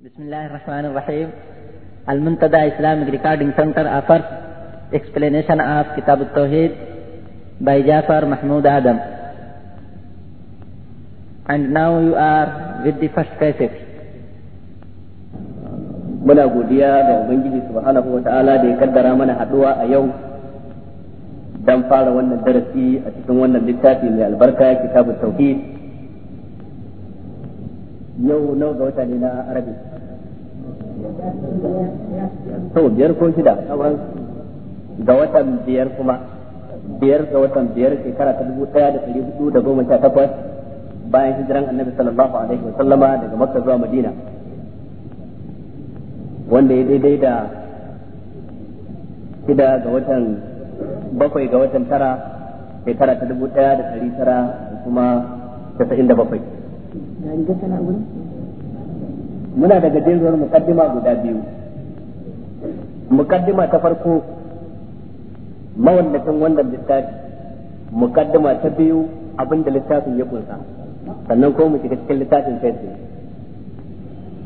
Bismillahirrahmanirrahim. Al-Muntada Islamic Recording Center offers explanation of Kitab al by Jafar Mahmood Adam. And now you are with the first passage. Muna godiya ga Ubangiji subhanahu wa ta'ala da ya kaddara mana haɗuwa a yau don fara wannan darasi a cikin wannan littafi mai albarka kitabu tauhid Yau nawa ga wata ne na Arabic. sau biyar ko shida sauran ga watan biyar kuma biyar ga watan biyar shekara ta dubu daya da dari hudu da goma sha takwas bayan hijiran annabi sallallahu alaihi wa sallama daga makka zuwa madina wanda ya daidai da shida ga watan bakwai ga watan tara shekara ta dubu daya da dari tara kuma tasa'in da bakwai muna da gajeruwar mukaddima guda biyu mukaddima ta farko mawallafin wannan littafi mukaddima ta biyu abinda littafin ya kunsa sannan kuma mu shiga cikin littafin sai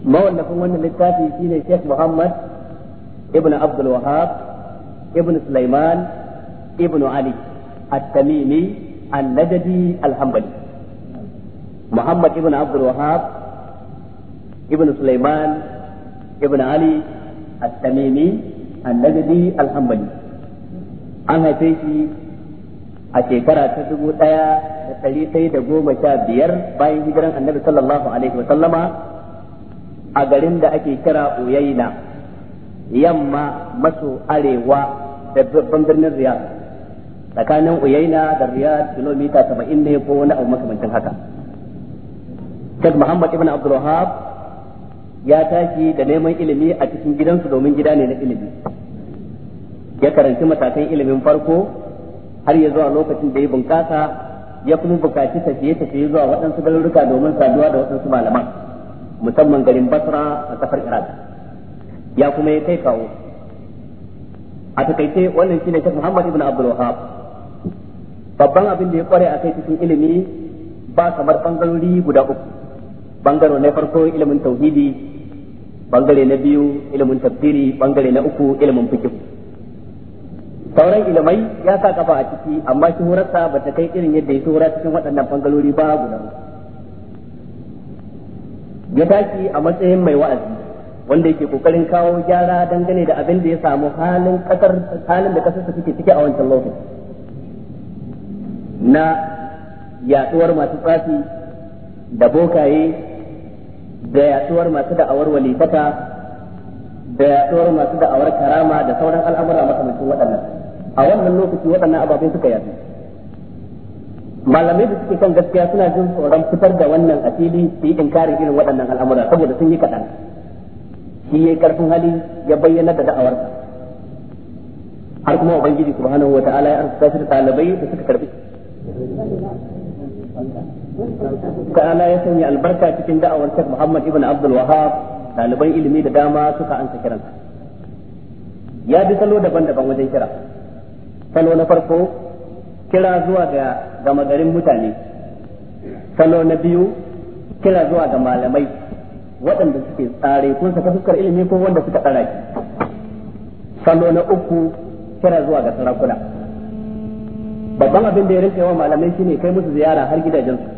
mawallafin wannan littafi shine Sheikh Muhammad ibn Abdul Wahhab ibn Sulaiman ibn Ali at-Tamimi al najdi al-Hanbali Muhammad ibn Abdul Wahhab ibn Sulaiman ibn Ali at-Tamimi an an haife shi a shekara ta dubu ɗaya da ɗari sai da goma sha biyar bayan hijiran annabi a garin da ake kira yamma maso arewa birnin tsakanin Uyaina da Riyadh kilomita 70 ne ko wani abu makamancin haka Sheikh Muhammad ibn Abdul ya tashi da neman ilimi a cikin gidansu domin gida ne na ilimi ya karanci matakan ilimin farko har ya zuwa lokacin da ya bunkasa ya kuma bukaci tafiye-tafiye zuwa waɗansu garuruka domin saduwa da waɗansu malaman musamman garin basra a kafar iraq ya kuma ya kai kawo a takaice wannan shine Sheikh Muhammad ibn Abdul wahab babban abin da ya kware a kai cikin ilimi ba kamar bangarori guda uku bangaro na farko ilimin tauhidi bangare na biyu ilimin tafsiri bangare na uku ilimin fiqh sauran ilimai ya sa kafa a ciki amma shuhurarsa ba ta kai irin yadda ya shuhura cikin waɗannan bangarori ba guda ya tashi a matsayin mai wa'azi wanda yake kokarin kawo gyara dangane da abin da ya samu halin kasar halin da ƙasarsa take ciki a wancan lokaci na yaɗuwar masu tsafi da bokaye da yaduwar masu da'awar walifata da yaduwar masu da'awar karama da sauran al'amura makamancin waɗannan a wannan lokaci waɗannan ababen suka yadu malamai da suke kan gaskiya suna jin tsoron fitar da wannan asili su yi inkarin irin waɗannan al'amura saboda sun yi kaɗan shi yayi karfin hali ya bayyana da da'awarsa har kuma ubangiji subhanahu wataala ya arzuta shi da ɗalibai da suka karbi ta'ala ya sanya albarka cikin da'awar Sheikh Muhammad ibn Abdul Wahhab daliban ilimi da dama suka an kiran ya bi salo daban-daban wajen kira salo na farko kira zuwa ga gama garin mutane salo na biyu kira zuwa ga malamai waɗanda suke tsare kun saka fuskar ilimi ko wanda suka tsara shi salo na uku kira zuwa ga sarakuna babban abin da ya rike wa malamai shine kai musu ziyara har gidajensu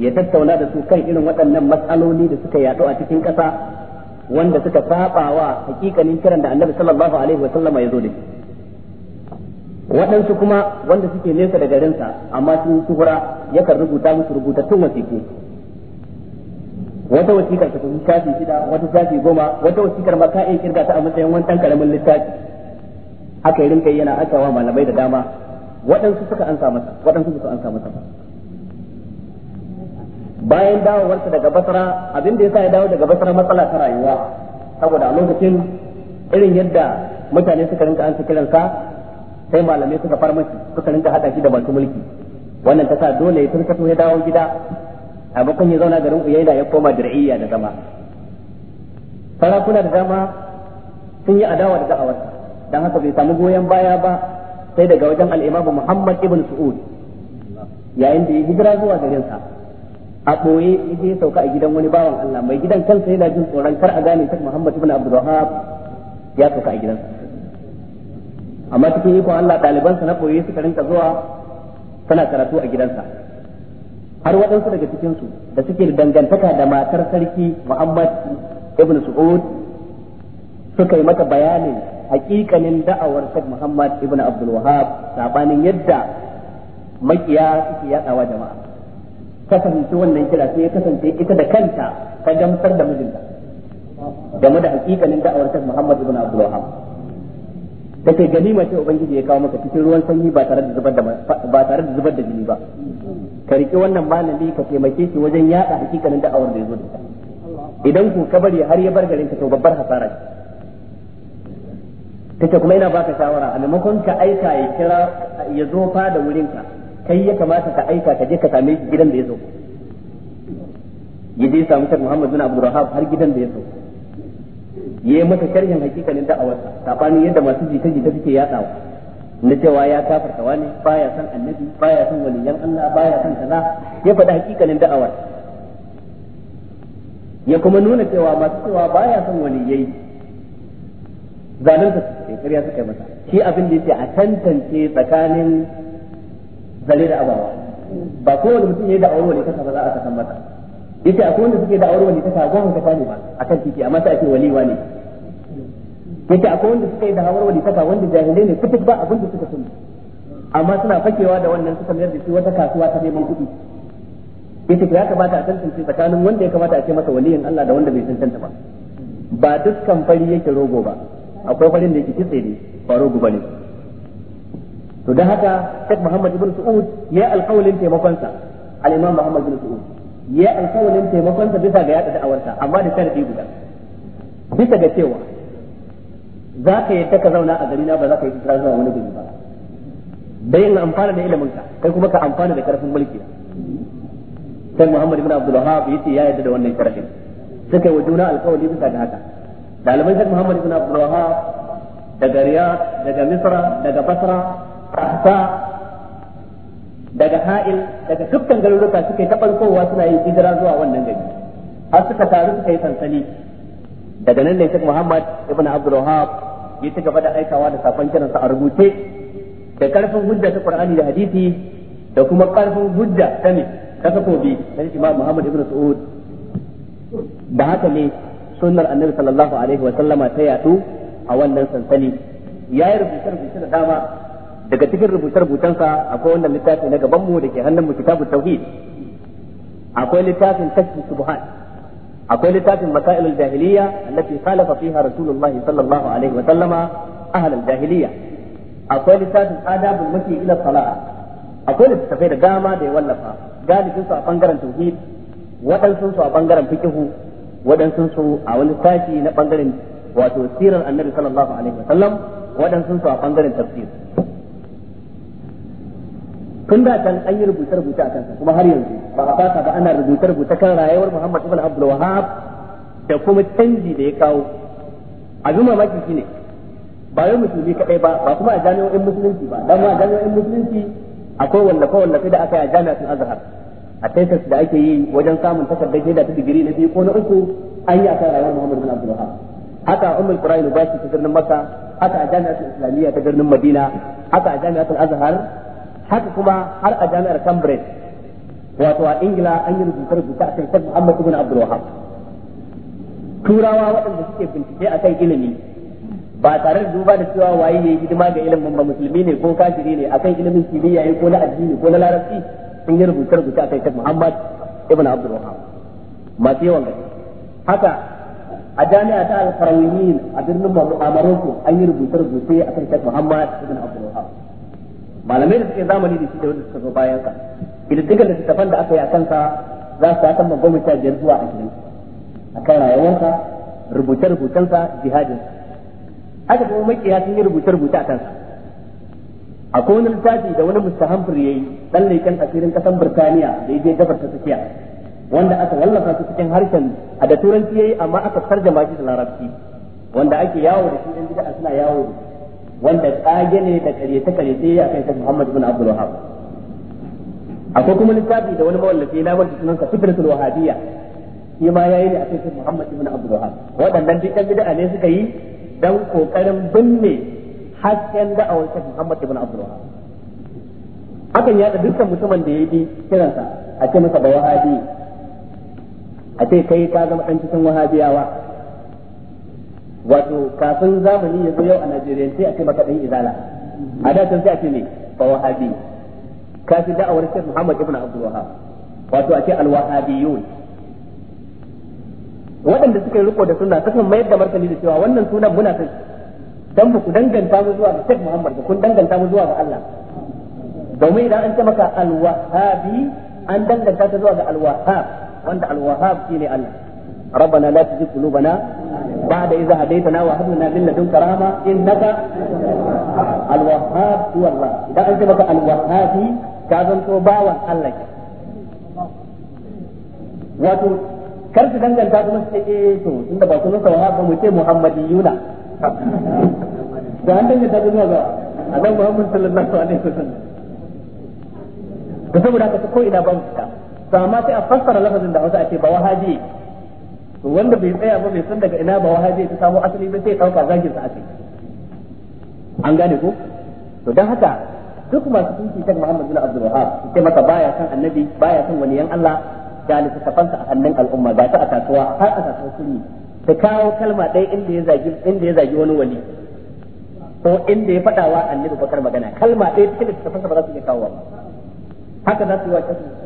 ya tattauna da su kan irin waɗannan matsaloli da suka yaɗu a cikin ƙasa wanda suka saba wa hakikanin kiran da annabi sallallahu alaihi sallama ya zo da shi waɗansu kuma wanda suke nesa da garinsa amma sun suhura yakan rubuta musu rubutattun wasiƙu wata wasiƙar ta tafi shafi shida wata shafi goma wata wasiƙar ma ka iya kirga ta a matsayin wani ɗan karamin littafi haka kai yana akawa malamai da dama waɗansu suka ansa masa waɗansu suka ansa masa bayan dawowarsa daga basara abin da sa ya dawo daga basara matsala ta rayuwa saboda a lokacin irin yadda mutane suka rinka an sa sai malamai suka farmaki suka rinka hada shi da masu mulki wannan ta sa dole ya turkato ya dawo gida a bakon ya zauna garin uyaina ya koma dir'iyya da zama sarakuna da dama sun yi adawa da da'awarsa dan haka bai samu goyon baya ba sai daga wajen al'imamu Muhammad ibn Su'ud yayin da ya hijira zuwa garinsa a ɓoye ita ya sauka a gidan wani bawan Allah mai gidan kansa yana jin tsoron kar a gane Sheikh Muhammad ibn Abdul Wahhab ya sauka a gidansa amma cikin ikon Allah ɗalibansa na ɓoye suka rinka zuwa suna karatu a gidansa har waɗansu daga cikinsu da suke da dangantaka da matar sarki Muhammad ibn Su'ud suka yi mata bayanin hakikanin da'awar Sheikh Muhammad ibn Abdul Wahhab sabanin yadda makiya suke yadawa jama'a kasance fahimci wannan kira sai ya kasance ita da kanta ta gamsar da mijinta game da hakikanin da'awar ta Muhammad ibn Abdul Wahhab take ganima ce ubangiji ya kawo maka cikin ruwan sanyi ba tare da zubar da ba tare da zubar da jini ba ka riki wannan malami ka taimake shi wajen yada hakikanin da'awar da yazo da ita idan ku ka bari har ya bar garin ka to babbar hasara ce take kuma ina baka shawara a maimakon ka aika ya kira ya zo fa da wurin ka kai ya kamata ka aika ka je ka same shi gidan da ya zo ya samu shek Muhammad bin Abdul har gidan da ya zo ya yi masa sharhin hakikanin da'awarsa sabanin yadda masu jita-jita suke yadawa na cewa ya kafarta wani baya san annabi baya san waliyan Allah baya san kaza ya faɗi hakikanin da'awar ya kuma nuna cewa masu cewa baya san waliyai zalunta su ce ƙarya suka masa shi abin da yake a tantance tsakanin zare da abawa ba kowane mutum ya yi aure wani kasa ba za a kasan mata yace akwai wanda suke aure wani kasa goma kasa ne ba akan titi amma sai ake waliwa ne yace akwai wanda suka yi aure wani kasa wanda jahilai ne kutuk ba abin da suka sani amma suna fakewa da wannan suka mayar da shi wata kasuwa ta neman kuɗi yace ya kamata a tantance tsakanin wanda ya kamata a ce masa waliyin Allah da wanda bai tantance ba ba dukkan fari yake rogo ba akwai farin da yake kitse ne ba rogo bane to dan haka Sheikh Muhammad ibn Saud ya alƙawalin taimakon sa al-Imam Muhammad ibn Saud ya alƙawalin taimakon sa bisa ga yada da'awarsa amma da sharadi guda bisa ga cewa za ka yadda ka zauna a gari na ba za ka yi fitara zuwa wani gari ba dai in amfana da ilimin ka kai kuma ka amfana da karfin mulki sai Muhammad ibn Abdul Wahhab yace ya yadda da wannan sharadi suka yi wa juna alƙawali bisa ga haka dalibai Sheikh Muhammad ibn Abdul Wahhab daga Riyadh daga Misra daga Basra ahsa daga ha'il daga dukkan garuruka suke yi suna yin hijira zuwa wannan gari har suka taru suka yi sansani daga nan ne Sheikh Muhammad ibn Abdul Wahhab ya ci gaba da aikawa da safan kiransa a rubuce da karfin hujja ta Qur'ani da hadisi da kuma karfin hujja ta ne ta takobi Imam Muhammad ibn Saud da haka ne sunnar Annabi sallallahu alaihi wa sallama ta yadu a wannan sansani yayi rubuce rubuce da dama daga cikin rubuce-rubucensa akwai wannan littafi na gaban mu da ke hannun mu kitabu tauhid akwai littafin kashfi subhan akwai littafin masail al-jahiliya allati khalafa fiha rasulullahi sallallahu alaihi wa sallama ahl al-jahiliya akwai littafin adabul mashi ila salah akwai littafai da dama da ya wallafa galibin su a bangaren tauhid waɗansu su a bangaren fiqhu waɗansu su a wani sashi na bangaren wato sirar annabi sallallahu alaihi wa sallam waɗansu su a bangaren tafsir tun da kan an yi rubuce rubuce a kansa kuma har yanzu ba a fasa ba ana rubuce rubuce kan rayuwar Muhammad ibn Abdul Wahhab da kuma canji da ya kawo abin mamaki shine ba yau musulmi kadai ba ba kuma a jami'o'in musulunci ba dan a jami'o'in musulunci akwai wallafe wallafe da aka yi a jami'atul Azhar a tesis da ake yi wajen samun takardar shaida ta digiri na biyu ko na uku an yi a kan rayuwar Muhammad ibn Abdul Wahhab haka a Ummul ba shi ta birnin Makka haka a jami'atul Islamiyya ta birnin Madina haka a jami'atul Azhar haka kuma har a jami'ar Cambridge wato a Ingila an yi rubuta a akan Sheikh Muhammad ibn Abdul Wahab turawa waɗanda suke bincike akan ilimi ba tare da duba da cewa waye ne hidima ga ilimin ba musulmi ne ko kafiri ne akan ilimin kimiyya ko na addini ko na larabci sun yi rubuta a akan Sheikh Muhammad ibn Abdul Wahab masu yawan gaske haka a jami'a ta al a birnin Maroko an yi rubuce a akan Sheikh Muhammad ibn Abdul Wahab malamai da suke zamani da shi da wanda suka zo bayan sa kididdigar littattafan da aka yi a kansa za su ta ma goma sha biyar zuwa ashirin a kan rayuwarsa rubuce-rubucensa jihadin haka kuma makiya sun yi rubuce-rubuce a kansa A wani littafi da wani hamfur ya yi ɗan leken asirin ƙasar birtaniya da ya je gabar ta tsakiya wanda aka wallafa su cikin harshen a da turanci ya yi amma aka tarjama shi da larabci wanda ake yawo da shi ɗan gida suna yawo da shi wanda kage ne da karyace karyace ya kai ta Muhammad bin Abdul Wahhab akwai kuma littafi da wani mawallafi na wanda sunan sa Fitratul Wahhabiyya shi ma yayi ne akai ta Muhammad bin Abdul Wahhab waɗannan duk kan bid'a ne suka yi dan kokarin binne hasken da'awar ta Muhammad bin Abdul Wahhab hakan ya dukkan mutumin da ya bi kiransa a ce masa ba wahabi a ce kai ka zama ɗan cikin wahabiyawa wato kafin zamani ya zo yau a Najeriya sai a ce maka dan izala a da can sai a ce ne fa wahabi kafin da'awar Sheikh Muhammad ibn Abdul Wahhab wato a ce al-wahabiyun waɗanda suka yi riko da sunna sukan mayar da martani da cewa wannan sunan muna kai dan ku danganta mu zuwa ga Sheikh Muhammad kun danganta mu zuwa ga Allah domin idan an ce maka al-wahabi an danganta ta zuwa ga al-wahhab wanda al-wahhab shine Allah ربنا لا تزغ قلوبنا بعد إذا هديتنا وهب من لدن كرامة إنك الوهاب هو الله إذا أنت بك الوهاب كازن توبا الله وتو kar دنجا danganta kuma su ce eh to tunda ba sunan sawa ba mu ce muhammadiyuna da an danganta muhammad sallallahu da saboda haka ko ina ba mu fita to amma sai a fassara lafazin da wasu ake ba wahaji. to wanda bai tsaya ba bai san daga ina ba zai ta samu asali ba sai dauka zagin sa ake an gane ko to dan haka duk masu tunki kan Muhammad bin Abdul Wahhab sai masa baya san annabi baya san 'yan Allah da littattafansa a hannun al'umma ba ta a kasuwa har a kasuwa sunni ta kawo kalma ɗaya inda ya zagi inda ya zagi wani wali ko inda ya faɗawa annabi bakar magana kalma ɗaya da littattafansa ba za su iya kawo ba haka za su yi wa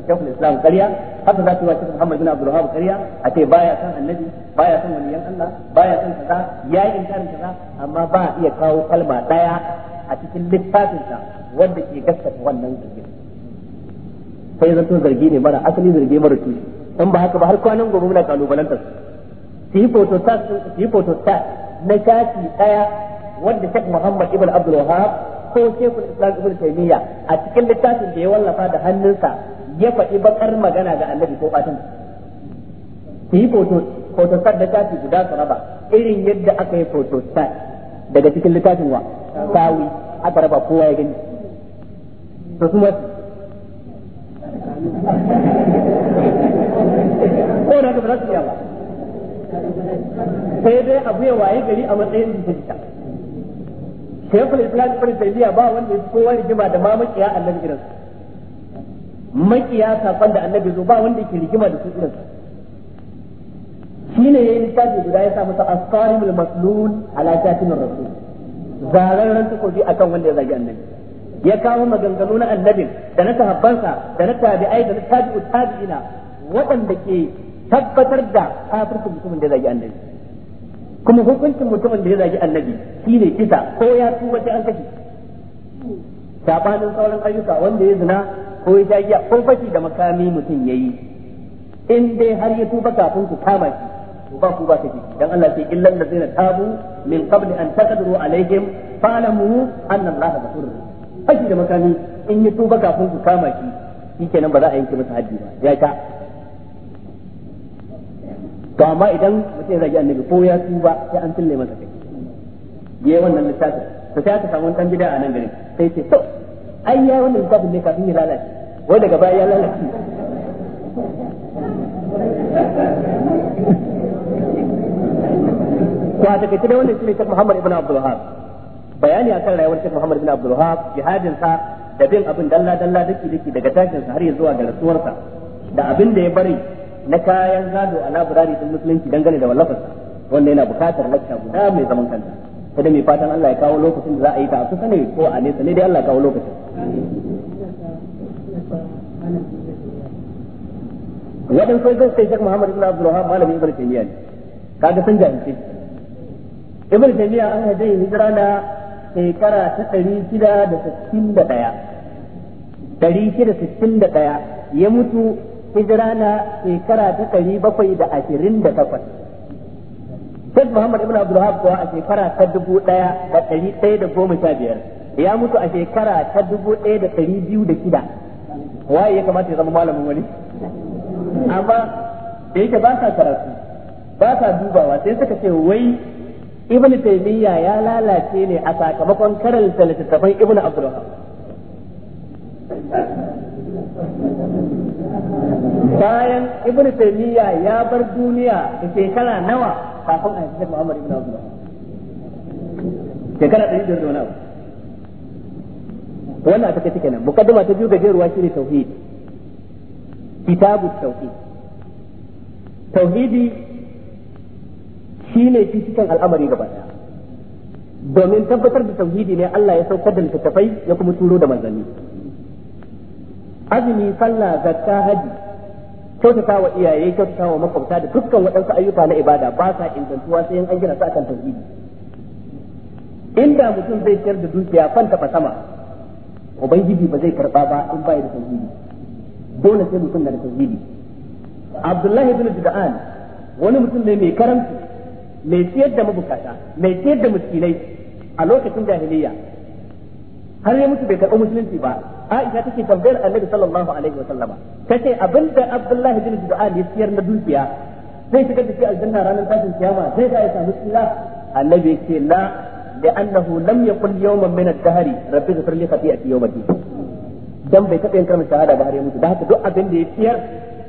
shafin islam ƙarya haka za su yi wa shafin muhammad bin abdul wahab ƙarya a ce baya son annabi baya san waliyan allah baya son kaza ya yi inkarin kaza amma ba a iya kawo kalma ɗaya a cikin littafinsa wanda ke gaskata wannan zargin sai zanto zargi ne mara asali zargi mara tushe in ba haka ba har kwanan gobe muna kalubalantar su yi photostat su yi photostat na shafi ɗaya wanda shek muhammad ibn abdul ko shekul islam ibn taymiya a cikin littafin da ya wallafa da hannunsa ya faɗi bakar magana ga annabi ko fatin ki yi foto foto photostat da tafi guda su raba irin yadda aka yi foto photostat daga cikin littafin wa sawi aka raba kowa ya gani to su wasu ko da ka ba za su iya ba sai dai abu ya waye gari a matsayin jita shaykhul islam ibn taymiya ba wanda ya kowa rigima da ma makiya annabi irin makiya safan da annabi zo ba wanda yake rigima da su irin shine yayin littafi guda ya sa masa asqarimul maslul ala katimir rasul ta takobi akan wanda ya zagi annabi ya kawo maganganu na annabi da na sahabbansa da na tabi'ai da na tabi'u tabi'ina waɗanda ke tabbatar da kafircin mutumin da ya zagi annabi kuma hukuncin mutumin da ya zagi annabi shine kisa ko ya tuba sai an kashe sabanin sauran ayyuka wanda ya zina ko ya jagiya ko fashi da makami mutum yayi in dai har ya tuba kafin ku kama shi to ba ku ba take dan Allah sai illal ladzina tabu min qabli an taqdiru alaihim fa'lamu anna Allah ghafurur fashi da makami in ya tuba kafin ku kama shi shikenan ba za a yanke masa haddi ba ya ta to amma idan mutum ya zagi annabi ko ya tuba sai an tulle masa kai ya yi wannan littafin to sai aka samu dan gida a nan garin sai ce to ai ya wannan littafin ne kafin ya lalace wai daga baya ya lalace to a takaice da wannan shine Sheikh Muhammad ibn Abdul Wahhab bayani akan rayuwar Sheikh Muhammad ibn Abdul Wahhab jihadin sa da bin abin dalla dalla dake dake daga tashin sa har ya zuwa ga rasuwarsa da abin da ya bari na kayan gado a labirari din musulunci dangane da wallafarsa wanda yana bukatar lakka guda mai zaman kanta da mai fatan Allah ya kawo lokacin da za a yi ta a kusa ne ko a nesa ne dai Allah ya kawo lokacin wadan sai zai sai Sheikh Muhammad ibn Abdul Wahhab malami Ibn Taymiyyah ne kaga sun jahilce Ibn Taymiyyah an hajji hijira na shekara ta shida da sittin da ɗaya ya mutu hijira na shekara ta ɗari bakwai da ashirin da takwas Sheikh Muhammad Ibn Abdul Wahab kuwa a shekara ta dubu ɗaya da ɗari ɗaya da goma sha biyar ya mutu a shekara ta dubu ɗaya da ɗari biyu da shida waye ya kamata ya zama malamin wani amma da yake ba sa karatu ba sa dubawa sai suka ce wai Ibn Taymiyyah ya lalace ne a sakamakon karanta littattafan Ibn Abdul Wahab bayan ibnu taymiya ya bar duniya da shekara nawa kafin a yi muhammad ibnu abdullah shekara ɗari da wani abu wannan aka take nan mukaddama ta biyu gajeruwa ne tauhid kitabu tauhid tauhidi shi ne shi cikin al'amari gaba ɗaya domin tabbatar da tauhidi ne Allah ya saukar da littattafai ya kuma turo da manzanni azumi sallah zakka hajji kyautata wa iyaye kyautata wa makwabta da dukkan waɗansu ayyuka na ibada ba sa ingantuwa sai an gina su akan tauhidi inda mutum zai ciyar da dukiya fan tafa sama ubangiji ba zai karɓa ba in ba da tauhidi dole sai mutum na da tauhidi abdullahi bin juda'an wani mutum ne mai karanta mai ciyar da mabukata mai ciyar da miskinai a lokacin jahiliya har ya mutu bai karɓi musulunci ba Aisha take tambayar Annabi sallallahu alaihi wasallama tace abinda Abdullahi bin Zubair ya siyar na dukiya zai shiga da aljanna ranar tashin kiyama zai ga ya samu tsira Annabi yake la da annahu lam yaqul yawman min ad-dahri rabbi li khati'ati din dan bai taɓa yin kalmar shahada ba har ya mutu da haka duk abin da ya siyar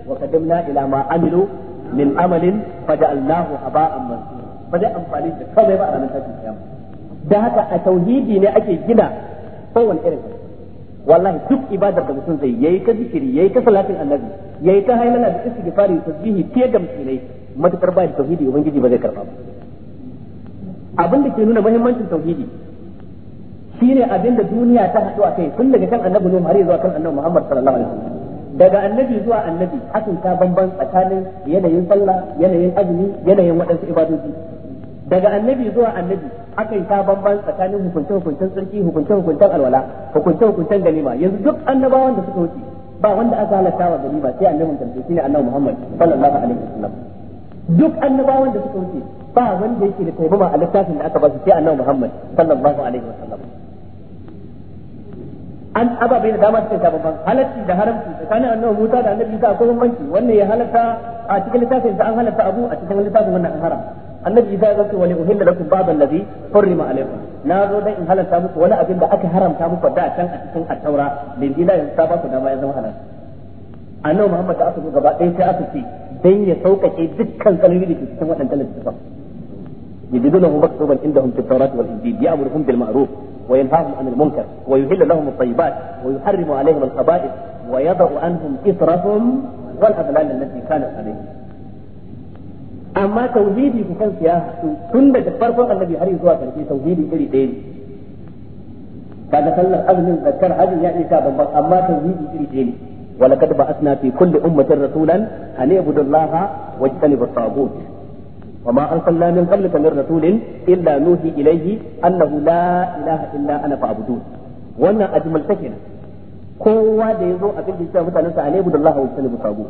wa qadamna ila ma amilu min amalin faja'alnahu haba'an mansura amfani da komai ba a ranar tashin kiyama da haka a tauhidi ne ake gina kowane irin wallahi duk ibadar da mutum zai yayi ka zikiri yayi ka salatin annabi yayi ka hailala da istighfari tasbihi fiye da mutune matakar ba tauhidi ubangiji ba zai karba ba abin da ke nuna muhimmancin tauhidi shine abin da duniya ta haɗu a kai tun daga kan annabi ne har zuwa kan annabi Muhammad sallallahu alaihi wasallam daga annabi zuwa annabi hakan ta bamban tsakanin yanayin sallah yanayin azumi yanayin waɗansu ibadoji daga annabi zuwa annabi akan ta bamban tsakanin hukunce hukuncen tsarki hukunce hukuncen alwala hukunce hukuncen ganima yanzu duk annabawan da suka wuce ba wanda aka halatta wa ganima sai annabin karshe shine annabi Muhammad sallallahu alaihi wasallam duk annabawan da suka wuce ba wanda yake da taimama a littafin da aka ba su sai annabi Muhammad sallallahu alaihi wasallam an ababai da dama suka bambam halatti da haramci tsakanin annabi Musa da annabi Isa akwai bambanci wannan ya halatta a cikin littafin sa an halatta abu a cikin littafin wannan an haram annabi isa ya ce wali uhilla lakum ba'd allazi hurrima alaykum na zo dan in halarta muku wani abin da aka haramta muku da can a cikin at-taura bin yanzu ta ba ku dama ya zama halal annabi muhammad da aka zo gaba ɗaya sai aka ce dan ya saukake dukkan kalmomi da ke cikin waɗannan littafan يجدونه مكتوبا عندهم في التوراة والإنجيل يأمرهم بالمعروف وينهاهم عن المنكر ويهل لهم الطيبات ويحرم عليهم الخبائث ويضع عنهم إثرهم والأغلال التي كانت عليهم amma tauhidi ku kansu ya haɗu tun daga farkon annabi har zuwa karshe tauhidi iri ɗaya ne kaga sallar azumin zakkar hajjin ya isa babban amma tauhidi iri ɗaya ne ولقد بعثنا في كل أمة رسولا أن اعبدوا الله واجتنبوا الطاغوت وما أرسلنا من قبلك من رسول إلا نوحي إليه أنه لا إله إلا أنا فاعبدون وأنا أجمل سكنة kowa da ya zo a cikin cewa mutanen sa ne budallahu wa sallu tabu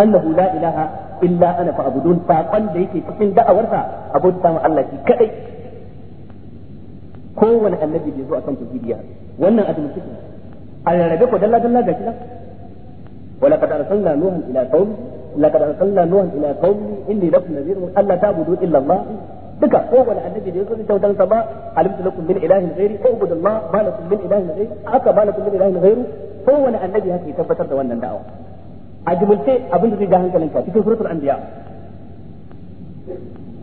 annahu la ilaha illa ana fa abudun saƙon da yake cikin da'awarsa abun ma Allah shi kadai kowane annabi bai zo akan tauhidiya wannan abin suke a rarrabe ko dalla dalla gashi nan wala qad arsalna nuhan ila qaumi laqad arsalna nuhan ila qaumi inni lakum nadhirun alla ta'budu illa Allah duka kowane annabi da yazo da sa ba alimtu lakum min ilahin ghairi ubudu Allah ba lakum min ilahin ghairi aka ba lakum min ilahin ghairi kowane annabi haka ya tabbatar da wannan da'awa a jumulce abin da zai ja hankalinka cikin suratul anbiya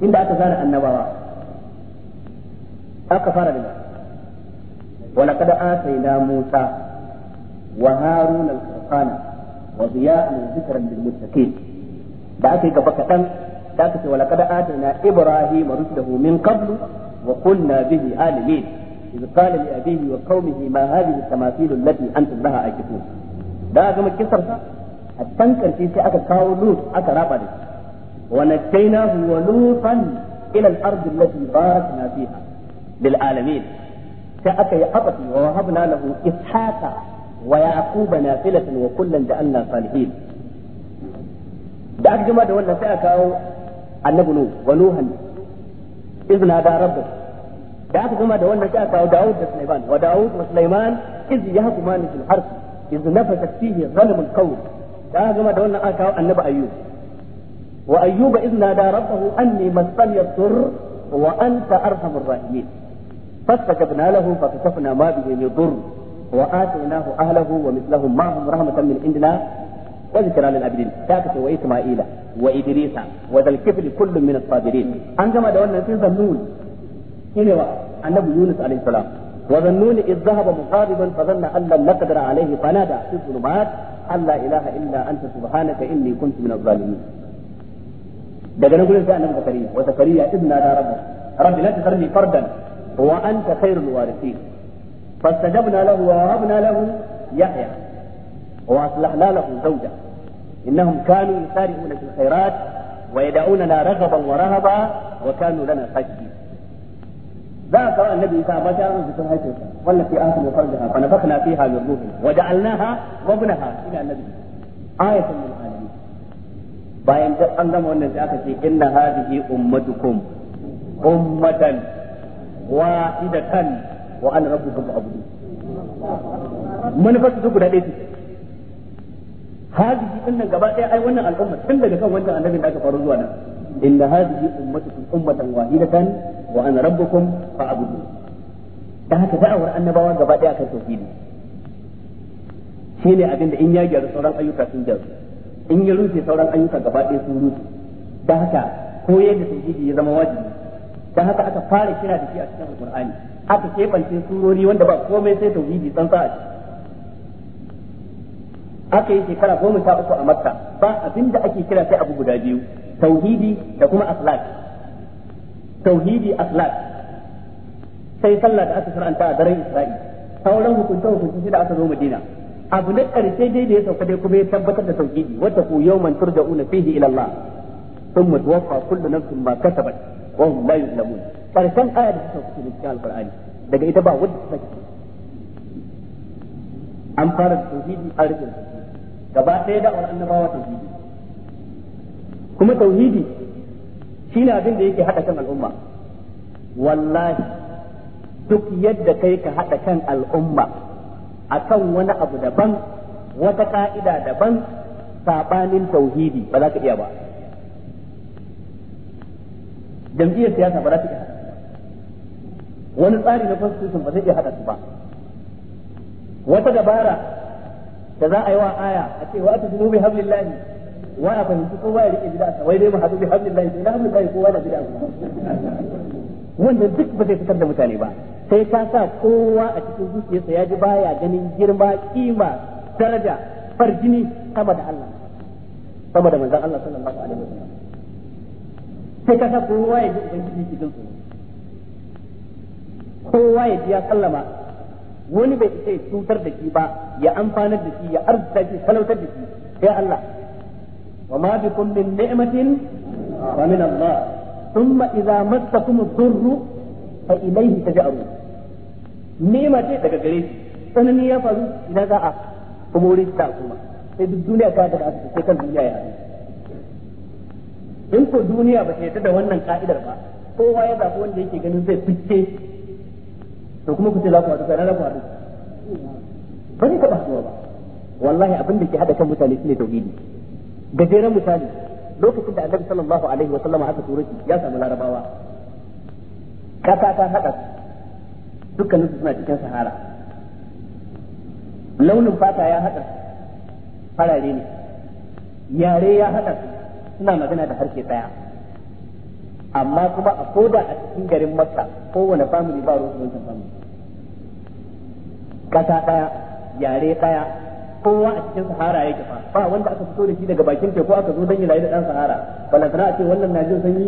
inda aka zana annabawa aka fara da ولقد al موسى وهارون القرآن وضياء وذكرا للمتقين da aka yi gaba kaɗan da aka ce wa laqad atana ibrahim rushdahu min qablu wa kunna bihi alimin إذ قال لأبيه وقومه ما هذه التماثيل التي أنتم لها عاكفون ده أجمع كسر a can karshe sai aka kawo lut aka raba da shi wa najjaynahu wa lutan ila al ard allati barakna fiha lil alamin sai aka yi abati wa wahabna lahu ishaqa wa yaquba nafilatan wa kullan ja'alna salihin da aka gama da wannan sai aka kawo annabi nuh wa nuhan izna da rabbu da aka gama da wannan sai aka kawo daud da sulaiman wa daud wa sulaiman iz yahkumani fil harb iz nafashat fihi ghanam al-qawm da gama da wannan aka kawo annabi ayyub wa ayyuba idna da rabbahu anni masani yadur wa anta arhamur rahimin fastajabna lahu fakashafna ma bihi min dur wa atainahu ahlahu wa mithlahum ma'ahum rahmatan min indina wa zikra lil abidin ta kace wa isma'ila wa idrisa wa dal kifli kullun min as-sabirin an gama da wannan sai zannun shine wa annabi yunus alayhi salam وظنون إذ ذهب مغاضبا فظن أن لم نقدر عليه فنادى في الظلمات أن لا إله إلا أنت سبحانك إني كنت من الظالمين daga nan gudun sai annabi zakariya wa zakariya ibna da rabbi rabbi la tazarni fardan wa anta khairul warithin fastajabna lahu wa wahabna lahu yahya wa aslahna lahu zawja innahum kanu yusari'una fil khairat wa yad'unana raghaban wa rahaba wa kanu lana sajidin ذا كان النبي صلى الله عليه وسلم في حيث والتي أهتم فرجها فنفخنا فيها من روحنا وجعلناها وابنها إلى النبي آية من العالمين bayan duk an gama wannan sai aka ce inna hadhihi ummatukum ummatan wahidatan wa ana rabbukum fa'budu manufarsu su guda ɗaya ce hadhihi din nan gaba ɗaya ai al'umma tun daga kan wancan ummatan wa ana rabbukum fa'budu da haka da'awar annabawa gaba daya kan tauhidi shine abin da in ya gyaru sauran ayyuka sun gyaru in ya rufe sauran ayyuka gaba daya sun rufe da haka koyar da tauhidi ya zama wajibi da haka aka fara kira da shi a cikin alqur'ani aka kebance surori wanda ba komai sai tauhidi san a aka yi shekara goma sha uku a makka ba abin da ake kira sai abu guda biyu tauhidi da kuma akhlaq tauhidi aslan sai sallah da aka shar'anta a daren isra'i sauran hukunce hukunce da aka zo madina abu na karshe dai da ya sauka dai kuma ya tabbatar da tauhidi wata ku yawman turja'una fihi ila Allah thumma tuwaffa kullu nafsin ma kasabat wa hum la yuzlamun karshen ayar da ta sauka cikin alqur'ani daga ita ba wadda take an fara da tauhidi an rufe gaba ɗaya da annabawa tauhidi kuma tauhidi shine abin da yake hada kan al'umma wallahi duk yadda kai ka hada kan al'umma akan wani abu daban wata ka'ida daban sabanin tauhidi ba za ka iya ba jam'iyyar siyasa ba za ta iya hada wani tsari na constitution ba zai iya hada su ba wata dabara da za a yi wa aya a ce wa ta zunubi hablillahi wa a fahimci kowa ya rike bid'a sa wai dai mu hadu bi hamdillahi sai na hamdillahi kowa da bid'a wanda duk ba zai fitar da mutane ba sai ka sa kowa a cikin zuciyarsa ya ji baya ganin girma kima daraja farjini sama da Allah sama da manzon Allah sallallahu alaihi wasallam sai ka sa kowa ya ji ubangiji cikin su kowa ya ji ya sallama wani bai isa ya cutar da shi ba ya amfanar da shi ya arzuta shi talautar da shi sai Allah وما بكم من نعمة فمن الله ثم إذا مسكم الضر فإليه تجأرون نعمة daga gare shi tsanani ya faru idan za a kuma wurin ta kuma sai duk duniya ta daga asibiti sai kan duniya ya in ko duniya ba ta yarda da wannan ka'idar ba kowa ya zafi wanda yake ganin zai fice to kuma ku ce za ku haɗu sai na ku haɗu ba ne taɓa haɗuwa ba wallahi abin da ke haɗa kan mutane shine tauhidi gajeren misali lokacin da annabi sallallahu alaihi wa sallama aka tura shi ya samu larabawa kasa ta hada dukkan su suna cikin sahara launin fata ya hada farare ne yare ya hada suna magana da harshe daya amma kuma a koda a cikin garin makka kowane family ba ruwan family kasa daya yare daya kowa a cikin sahara yake fa ba wanda aka fito da shi daga bakin teku aka zo dan ya rayu da dan sahara balantana a ce wannan na jin sanyi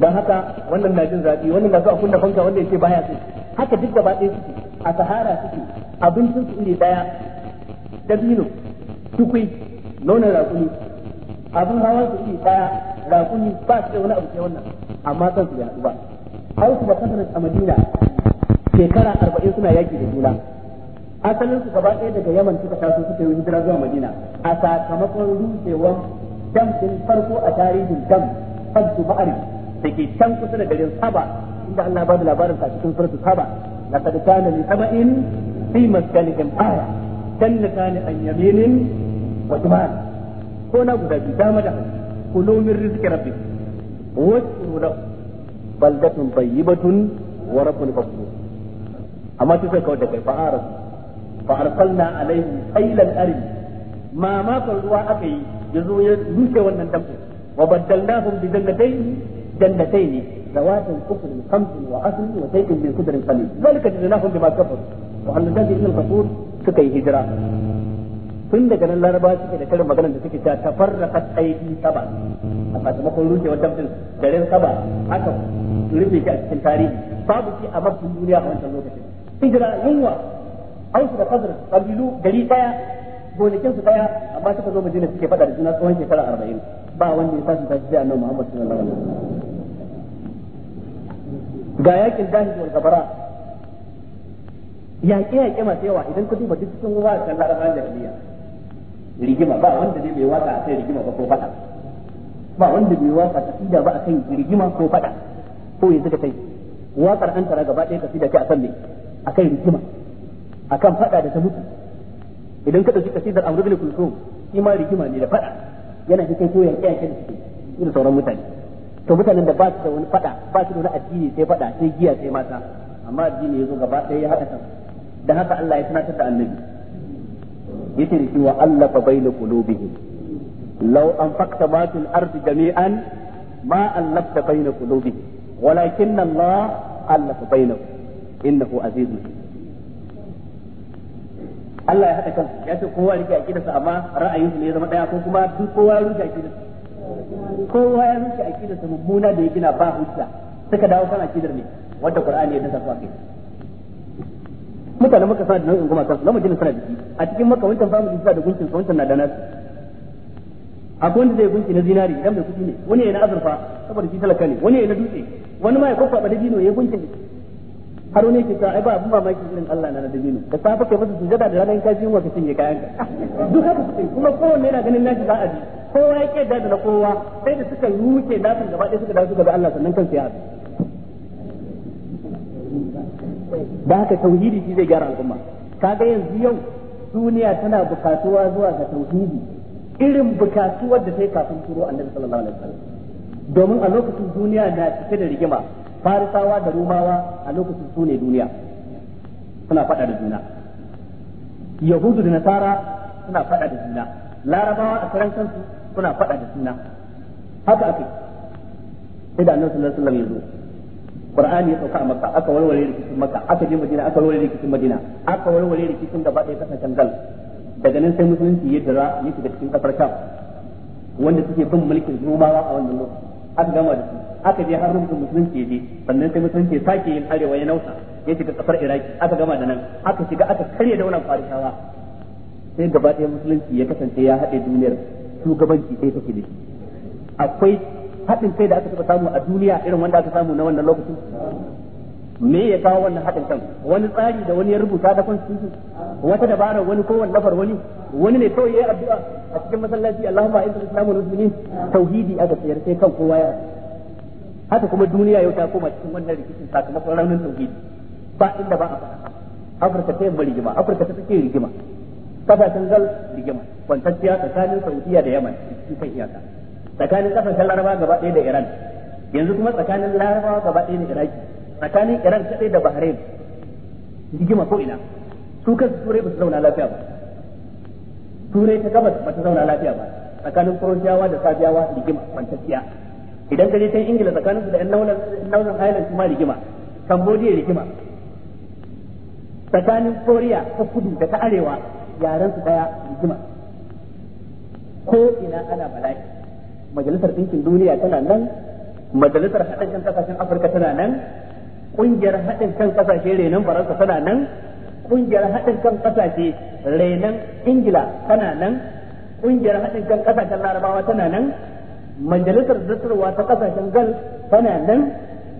dan haka wannan na jin zafi wannan na so a kunna fanka wanda yake baya so haka duk gaba ɗaya suke a sahara suke abincin su ne daya dabino tukui nonon rakuni abin hawan su ne daya rakuni ba su da wani abu sai wannan amma san su ya haɗu ba har su ba kasar a madina shekara arba'in suna yaki da juna asalin su gaba ɗaya daga yaman suka taso suka yi hijira zuwa madina a sakamakon rushewar dam din farko a tarihin dam fadu ba'ari da ke can kusa da garin saba inda Allah ba da labarin sa cikin farko saba laqad kana li in fi maskanihim aya jannatan an yaminin wasu shimal ko na guda biyu dama da kulomin min rabbi wasu ruda baldatun bayyibatun wa rabbun ghafur amma sai kawai da kai rasu. fa arsalna alaihim saylan arim ma ma ruwa aka yi yazo ya duke wannan dabbo wa baddalnahum bi jannatayn خمس وعسل وشيء من قدر قليل ذلك جزيناهم بما كفروا وعن ذلك ابن القصور سكي هجرة tun daga nan laraba suke da karin maganar da suke ta tafarraqat aidi saba a sakamakon rufe wata mutum garin saba aka rufe shi a cikin tarihi babu shi a mafin duniya a wancan lokacin hijira yunwa ausu da khazraj kabilu gari daya gonakin su daya amma suka zo madina suke fada da juna tsawon shekara arba'in, ba wanda ya sashi tashi sai annabi Muhammad sallallahu alaihi wasallam ga yakin dahid wal kabara yaƙe yaƙe masu yawa idan ka duba duk cikin ruwa kan larabawan jahiliya rigima ba wanda ne bai waka kai rigima ba ko fada ba wanda bai waka tsida ba a kai rigima ko fada ko yanzu ka kai wakar an tara gaba ɗaya a kan ne a kai rigima akan fada da ta mutu idan ka dauki kasidar amru ibn kulsum shi ma rigima ne da fada yana cikin koyon kiyaye da suke irin sauran mutane to mutanen da ba su da wani fada ba su da wani addini sai fada sai giya sai mata amma addini yazo gaba sai ya haɗa ta dan haka Allah ya tunatar da annabi yace da shi wa allafa baina qulubihim law anfaqta ma fil ardi jami'an ma allafta bayna qulubihim walakin Allah allafa bainahum innahu azizun Allah ya haɗa kansu ya ce kowa rike aqidarsa amma ra'ayinsu ne ya zama ɗaya ko kuma duk kowa ya rike aqidarsa kowa ya rike aqidarsa mummuna da ya gina ba hujja suka dawo kan akidar ne wanda Qur'ani ya dasa su akai mutane maka sa da nau'in goma kansu lamar jinin suna shi a cikin maka wancan famu jinsa da gunkin wancan na da nasu akwai wanda zai gunki na zinari idan bai kuɗi ne wani ya na azurfa saboda shi talaka ne wani ya na dutse wani ma ya kofa ba da dino ya gunkin har wani ke ai ba abun mamaki irin Allah na da dabino da safa kai masa sujada da ranar kaji wa ka cinye kayan ka duk haka suke kuma kowanne yana ganin nashi za'a a ji kowa ya ke da na kowa sai da suka yuke dafin gaba ɗaya suka dawo suka ga Allah sannan kansu ya da haka tauhidi shi zai gyara al'umma kaga yanzu yau duniya tana bukatuwa zuwa ga tauhidi irin bukatuwar da ta yi kafin turo annabi sallallahu alaihi wasallam domin a lokacin duniya na cike da rigima farisawa da rumawa a lokacin su ne duniya suna faɗa da juna yahudu da nasara suna faɗa da juna larabawa a karan kansu suna faɗa da juna haka ake sai da annabi sallallahu alaihi wasallam ya zo qur'ani ya sauka a makka aka warware rikicin makka aka je madina aka warware rikicin madina aka warware rikicin gaba ɗaya kasashen gal daga nan sai musulunci ya dira ya shiga cikin kafar sham wanda suke bin mulkin rumawa a wannan lokacin. aka gama da su aka je har rubutun musulunci je sannan sai musulunci sake yin arewa ya nausa ya shiga kasar iraki aka gama da nan aka shiga aka karya wannan farisawa sai gaba ɗaya musulunci ya kasance ya haɗe duniyar shugabanci ɗaya take da shi akwai haɗin kai da aka taɓa samu a duniya irin wanda aka samu na wannan lokacin me ya kawo wannan haɗin kan wani tsari da wani ya rubuta da constitution wata dabara wani ko wani lafar wani wani ne kawai ya addu'a a cikin masallaci Allahumma inna islamu muslimin tauhidi aka tsayar sai kan kowa ya haka kuma duniya yau ta koma cikin wannan rikicin sakamakon raunin tauhidi ba inda ba a faɗa Afirka ta yamma rigima Afirka ta take rigima kasashen gal rigima kwantacciya tsakanin Saudiya da Yaman cikin iyaka tsakanin kasashen Laraba gaba ɗaya da Iran yanzu kuma tsakanin Laraba gaba ɗaya da Iraki tsakanin Iran kaɗai da Bahrain rigima ko ina su kansu turai ba su zauna lafiya ba turai ta gabas ba ta zauna lafiya ba tsakanin Kuroshiyawa da Sabiyawa rigima fantastiya idan ka je can Ingila tsakanin su da 'yan naunan Ireland kuma rigima Cambodia rigima tsakanin Korea ta kudu da ta arewa yaran su daya rigima ko ina ana bala'i majalisar ɗinkin duniya tana nan majalisar haɗin kan ƙasashen Afirka tana nan kungiyar haɗin kan kasashe renon faransa tana nan kungiyar haɗin kan kasashe renon ingila tana nan kungiyar haɗin kan kasashen larabawa tana nan majalisar zartarwa ta kasashen gal tana nan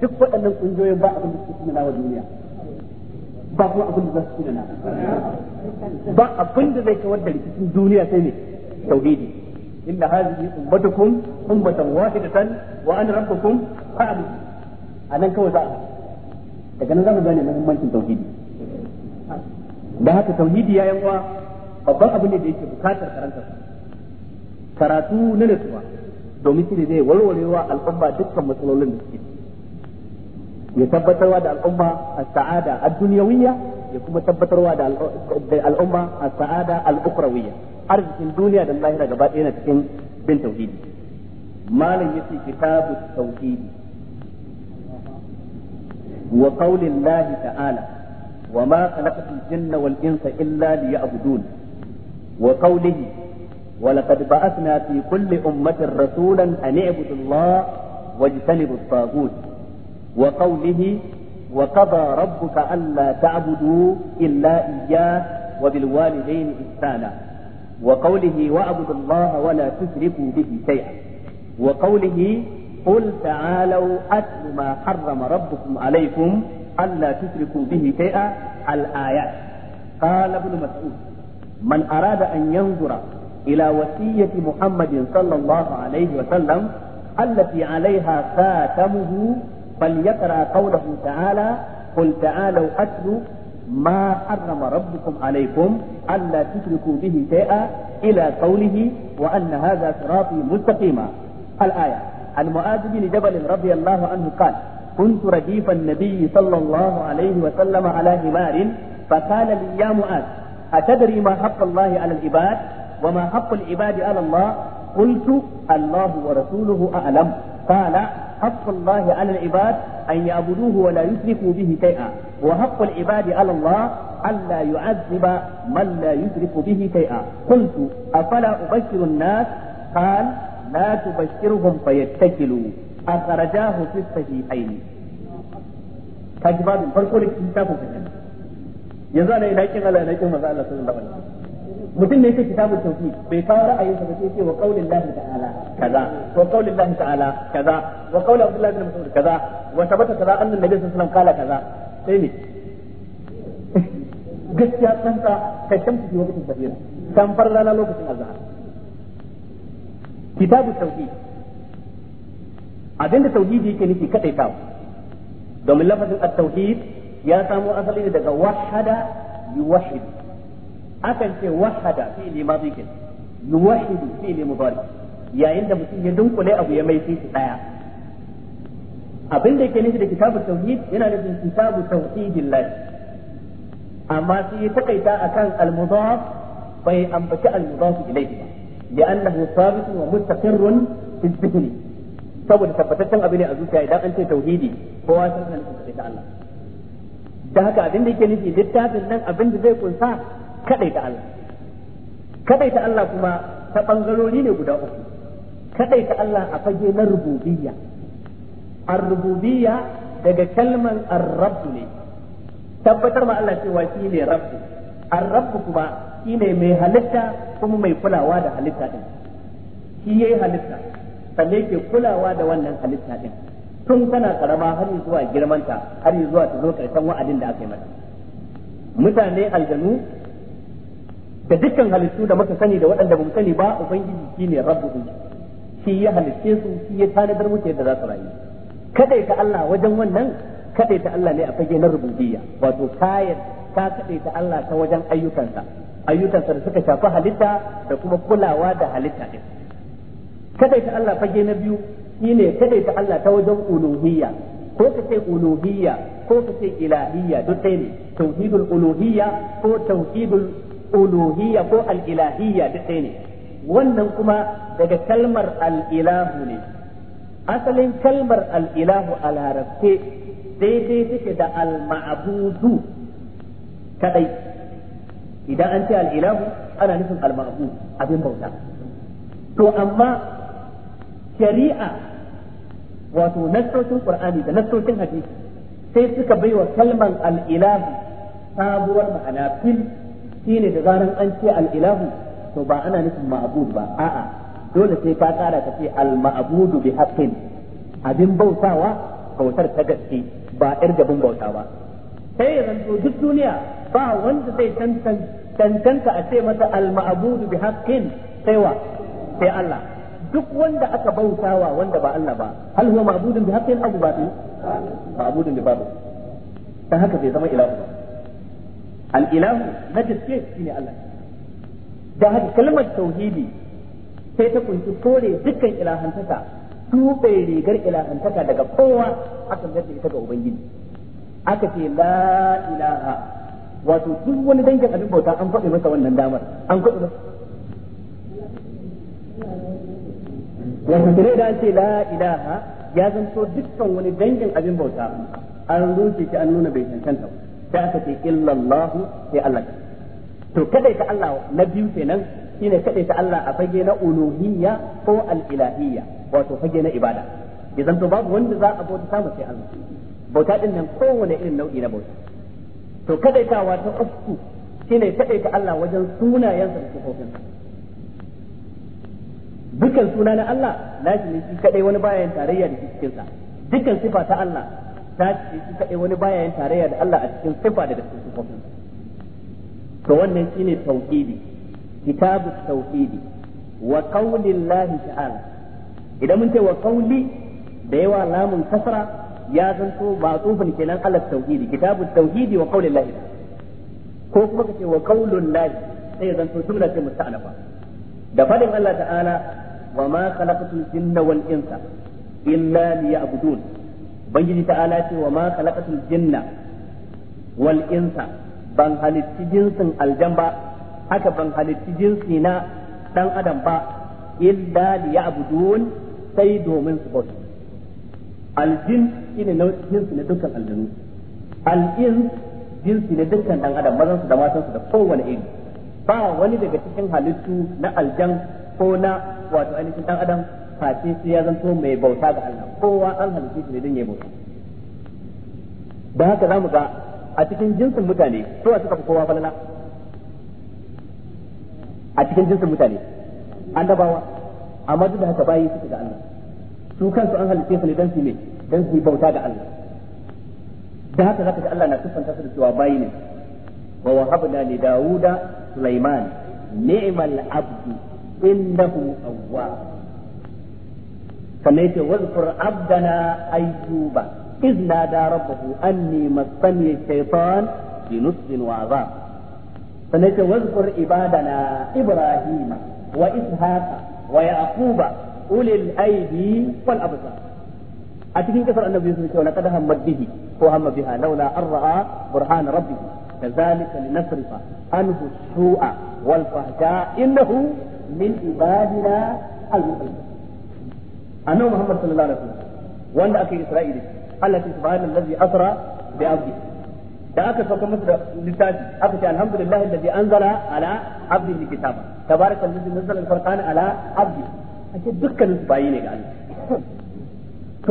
duk waɗannan kungiyoyin ba abin da suke tunana wa duniya ba kuma abin da za su tunana ba abin da zai kawar da rikicin duniya sai ne tauhidi inna hadhihi ummatukum ummatan wahidatan wa ana rabbukum fa'budu anan kawai za a daga nan zamu gane muhimmancin tauhidi da haka tauhidi ya yanwa babban abu ne da yake bukatar karanta karatu na nasuwa domin shi ne zai warwarewa al'umma dukkan matsalolin da suke ya tabbatarwa da al'umma a saada a duniyawiyya ya kuma tabbatarwa da al'umma a saada al Har arzikin duniya da lahira gaba ɗaya na cikin bin tauhidi malam yace kitabu tauhidi وقول الله تعالى وما خلقت الجن والإنس إلا ليعبدون وقوله ولقد بعثنا في كل أمة رسولا أن اعبدوا الله واجتنبوا الطاغوت وقوله وقضى ربك ألا تعبدوا إلا إياه وبالوالدين إحسانا وقوله واعبدوا الله ولا تشركوا به شيئا وقوله قل تعالوا أتل ما حرم ربكم عليكم ألا تشركوا به شيئا الآيات قال ابن مسعود من أراد أن ينظر إلى وصية محمد صلى الله عليه وسلم التي عليها خاتمه فليقرأ قوله تعالى قل تعالوا أتل ما حرم ربكم عليكم ألا تشركوا به شيئا إلى قوله وأن هذا صراطي مستقيما الآية عن معاذ بن جبل رضي الله عنه قال كنت رديف النبي صلى الله عليه وسلم على همار فقال لي يا معاذ أتدري ما حق الله على العباد وما حق العباد على الله قلت الله ورسوله أعلم قال حق الله على العباد أن يعبدوه ولا يشركوا به شيئا وحق العباد على الله ألا يعذب من لا يشرك به شيئا قلت أفلا أبشر الناس قال لا تبشرهم فيتكلوا akhrajahu في الصحيحين kaji babin farko da cikin tafin fitan yanzu ana ina kin Allah ina mutum ne yake kitabun tauhid bai kawo ra'ayin sa ba sai ce wa lahi ta'ala kaza wa lahi ta'ala kaza wa qaulin abdullahi bin mas'ud kaza wa tabata kaza nabi sallallahu alaihi wasallam kala kaza sai ne gaskiya tsanta ka shamsu fi waqtin fajr kan rana lokacin azhar kitabu tauhid abinda tauhidi yake nufi kadaitawa domin lafazin at-tauhid ya samo asali ne daga wahada yuwahid akan ce wahada fi'li madhi kin yuwahid fi'li mudari yayin da mutum ya dunkule abu ya mai shi daya Abinda yake nufi da kitabu tauhid yana nufin kitabu tauhidillah amma sai ya takaita akan al-mudaf bai ambaci al-mudaf ilayhi ba لأنه ثابت ومستقر في الذهن saboda tabbataccen abu ne a zuciya idan an ce tauhidi kowa san nan sai ta Allah da haka abin da yake nufi littafin nan abin da zai kunsa kadai ta Allah kadai ta Allah kuma ta bangarori ne guda uku kadai ta Allah a fage na rububiyya ar-rububiyya daga kalmar ar-rabb ne tabbatar ma Allah cewa shi ne rabb ar-rabb kuma shine mai halitta kuma mai kulawa da halitta din shi yayi halitta sanne yake kulawa da wannan halitta din tun tana karama har zuwa ta har zuwa ta zo karshen wa'adin da aka yi mata mutane aljanu da dukkan halittu da muka sani da waɗanda bamu sani ba ubangiji shine rabbuhum shi ya halitte su shi ya tanadar musu da za su rayu kadai ka Allah wajen wannan kadai ta Allah ne a fage na rububiyya wato kayar ka kaɗe Allah ta wajen ayyukansa ayyukansa da suka shafi halitta da kuma kulawa da halitta ɗin kaɗe Allah fage na biyu shine kaɗe ta Allah ta wajen uluhiyya ko ka ce uluhiyya ko ka ce ilahiyya duk ɗaya ne tauhidul uluhiyya ko tauhidul uluhiyya ko al-ilahiyya duk ɗaya ne wannan kuma daga kalmar al'ilahu ne asalin kalmar al'ilahu a larabce daidai take da al-ma'budu kadai idan an ce al'ilahu ana nufin al abin bauta to amma shari'a wato nassocin qur'ani da nassocin hadisi sai suka baiwa kalman al sabuwar ma'ana fil ne da zaran an ce al to ba ana nufin ma'bud ba a'a dole sai ka kara ka ce al-ma'budu bi haqqin abin bautawa bautar ta gaske ba irgabin bauta ba sai yanzu duk duniya ba wanda zai tantanta a ce masa al-ma'budu bi haqqin sai wa sai Allah duk wanda aka bautawa wanda ba Allah ba hal huwa ma'budun bi haqqin aw batil ma'budun bi batil dan haka bai zama ilahu ba al-ilahu na gaske shine Allah da haka kalmar tauhidi sai ta kunshi kore dukkan ilahantaka tube rigar ilahantaka daga kowa aka zata ita ga ubangiji aka ce la ilaha wato duk wani dangin abin bauta an faɗi masa wannan damar an faɗi masa wato kire da an ce la ilaha ya zanto dukkan wani dangin abin bauta an rushe shi an nuna bai cancanta ta aka ce illallah sai Allah to kadai ta Allah na biyu kenan shine kadai ta Allah a fage na uluhiyya ko al-ilahiyya wato fage na ibada ya zanto babu wanda za a bauta sai Allah bauta din nan kowane irin nau'i na bauta to kadaitawa ta uku shine kadaita Allah wajen sunayensa da dukkan suna na Allah lazimi shi kadai wani baya yin tarayya da cikin sa dukkan sifa ta Allah ta ce shi kadai wani baya yin tarayya da Allah a cikin sifa da cikin sifofinsa to wannan shine tauhidi kitabu tauhidi wa qaulillahi ta'ala idan mun ce wa qauli da yawa lamun kasra ya ba tsufin kenan ala tauhidi kitabu tauhidi wa qaulil lahi ko kuma kace wa qaulul lahi sai ya zanto jumla ce musta'nafa da fadin Allah ta'ala wa ma khalaqatul jinna wal insa illa liya'budun bangiji ta'ala ce wa ma khalaqatul jinna wal insa ban halitti jinsin aljan ba haka ban halitti jinsi na dan adam ba illa liya'budun sai domin su bauta aljin shine nau'in jinsi na dukkan aljanu al jinsi na dukkan dan adam mazan su da matan su da kowane iri ba wani daga cikin halittu na aljan ko na wato ainihin dan adam face sai ya zanto mai bauta ga Allah kowa an halitta shi ne don ya da haka zamu ga a cikin jinsin mutane kowa suka fi kowa falala a cikin jinsin mutane annabawa amma duk da haka bayi suke ga Allah su kansu an halitta su ne don su mai dan su bauta da Allah da haka zaka ga Allah na siffanta su da cewa bayi ne wa wahabna li dauda sulaiman ni'mal abdu innahu awwab sannan yace wazkur abdana ayyuba إذ نادى ربه أني مسني الشيطان بنصب وعذاب فنجي واذكر عبادنا إبراهيم وإسحاق ويعقوب أولي الأيدي والأبصار a cikin kasar annabi Yusuf cewa laqad hammat bihi ko hamma biha laula arra burhan rabbi kadhalika linasrifa anhu su'a wal fahsha innahu min ibadina al-mukhlasin annabi Muhammad sallallahu alaihi wasallam wanda aka yi Isra'ila Allah ta subhana allazi asra bi abdi da aka sauka masa da littafi aka ce alhamdulillah allazi anzala ala abdi abdihi kitaba tabarakallazi nazzala al-furqana ala abdi ake dukkanin bayi ne ga Allah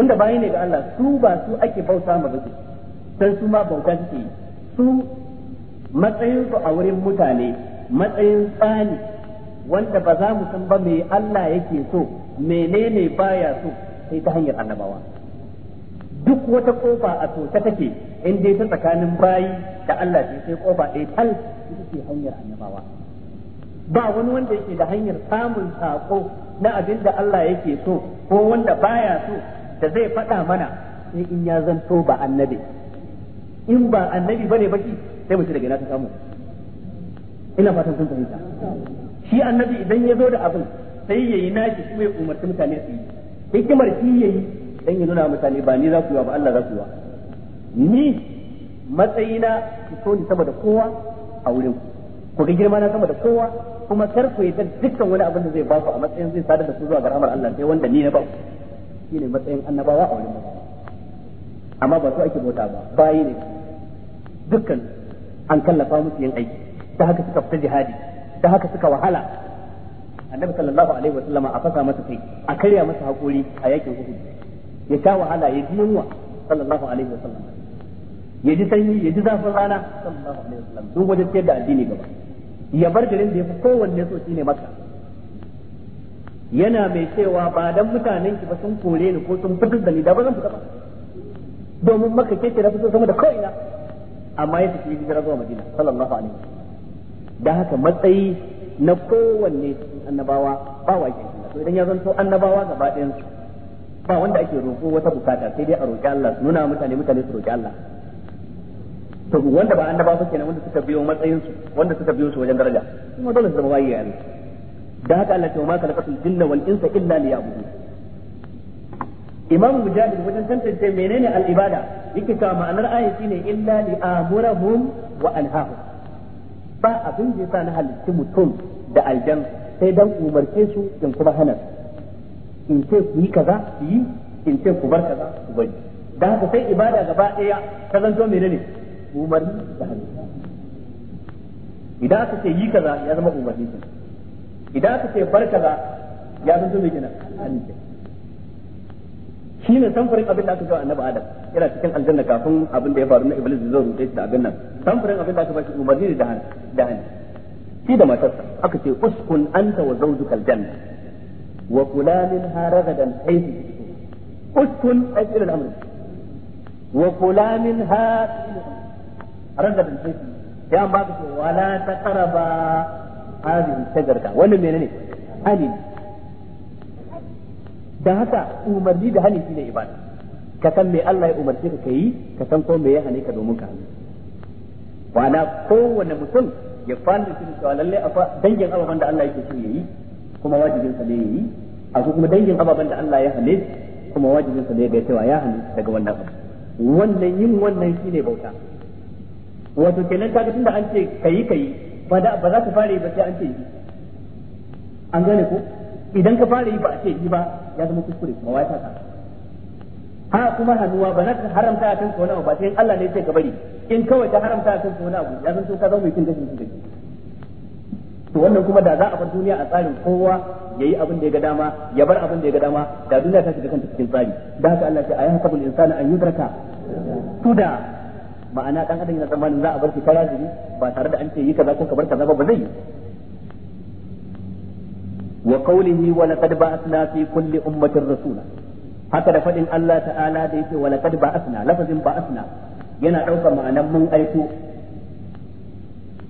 da bayi ne ga Allah su ba su ake bauta ma bace sai su ma bauta suke su matsayin su a wurin mutane matsayin tsani wanda ba za mu san ba me Allah yake so menene baya so sai ta hanyar annabawa duk wata kofa a to ta take in dai ta tsakanin bayi da Allah sai sai kofa ɗaya tal ita ce hanyar annabawa ba wani wanda yake da hanyar samun sako na abin da Allah yake so ko wanda baya so da zai faɗa mana sai in ya zanto ba annabi in ba annabi bane baki sai mu ci daga ta samu ina fatan kun fahimta shi annabi idan ya zo da abin sai ya yi kuma ya umarci mutane su yi hikimar shi ya yi dan ya nuna mutane ba ni za ku yi ba Allah za ku yi ni matsayina ku so ni sama da kowa a wurin ku ga girma na sama da kowa kuma kar ku yi dukkan wani abin da zai ba ku a matsayin zai sadar da su zuwa ga rahmar Allah sai wanda ni na ba ku shine matsayin annabawa a wurin mutane amma ba su ake bauta ba bayi ne dukkan an kallafa musu yin aiki ta haka suka fita jihadi ta haka suka wahala annabi sallallahu alaihi wa sallama a fasa masa kai a karya masa hakuri a yakin uhud ya sha wahala ya ji yunwa sallallahu alaihi wa sallam ya ji sanyi ya ji zafin rana sallallahu alaihi wa sallam duk wajen ciyar da addini gaba ya bar garin da ya fi kowanne so shine maka yana mai cewa ba dan mutanen ki ba sun kore ni ko sun fitar da ni da ba zan fita ba domin maka ke ce da fito sama da kawai na amma ya tafi hijira zuwa Madina sallallahu alaihi wasallam da haka matsayi na kowanne annabawa ba wake to idan ya zanto annabawa gaba ɗayan su ba wanda ake roƙo wata bukata sai dai a roƙi Allah nuna mutane mutane su roƙi Allah to wanda ba annabawa ba kenan wanda suka biyo matsayin su wanda suka biyo su wajen daraja kuma dole su zama wayi Allah da haka Allah ce ma khalaqatul jinna wal insa illa liya'budun imam mujahid wajen tantance menene al ibada yake cewa ma'anar ayat shine illa li'amurahum wa anhahum ba abin da yasa na halitti mutum da aljan sai dan umarce su in kuma hana in ce ku yi kaza ku yi in ce ku bar kaza ku bari da haka sai ibada gaba daya ta zanto menene umarni da hannu idan aka ce yi kaza ya zama umarni idan aka ce farka kaza ya zanto mai kenan annabi shine samfurin abin da aka ga annabi adam yana cikin aljanna kafin abin da ya faru na iblis zai rute shi da abin nan samfurin abin da aka ba shi umarni da hannu da hannu shi da matarsa aka ce uskun anta wa zawjuka aljanna wa kulalin haragadan ragadan haythu uskun ay ila al-amr wa kulalin haragadan ragadan haythu ya ba ka wala taqraba hadhihi shajarta wannan menene halin dan haka umarni da hali shine ibada ka san me Allah ya umarce ka kai ka san ko me ya hane ka domin ka hannu ko kowane mutum ya fara cikin cewa lalle afa dangin ababen da Allah yake so yi kuma wajibin sa ne yi a kuma dangin ababen da Allah ya hane kuma wajibin sa ne ga cewa ya hane daga wannan abu wannan yin wannan shine bauta wato kenan kaga tunda an ce kayi kayi ba ba za ka fara yi ba sai an ce yi an gane ko idan ka fara yi ba a ce yi ba ya zama kuskure ba wai ka ha kuma hannuwa ba na haramta a kan wani ba sai Allah ne ce ka bari in kawai ta haramta a kan wani abu ya zanto ka zama mai cin gashin gashin to wannan kuma da za a bar duniya a tsarin kowa yayi abin da ya ga dama ya bar abin da ya ga dama da duniya ta shiga kanta cikin tsari da haka Allah ya ce ayyuhal insana an yudraka tuda ma'ana dan adam yana tsammanin za a bar shi fara jini ba tare da an ce yi kaza ko ka bar kaza ba ba zai yi wa qawlihi wa laqad ba'athna fi kulli ummatin rasula haka da fadin Allah ta'ala da yake wa laqad ba'athna lafazin ba'athna yana daukar ma'anan mun aiko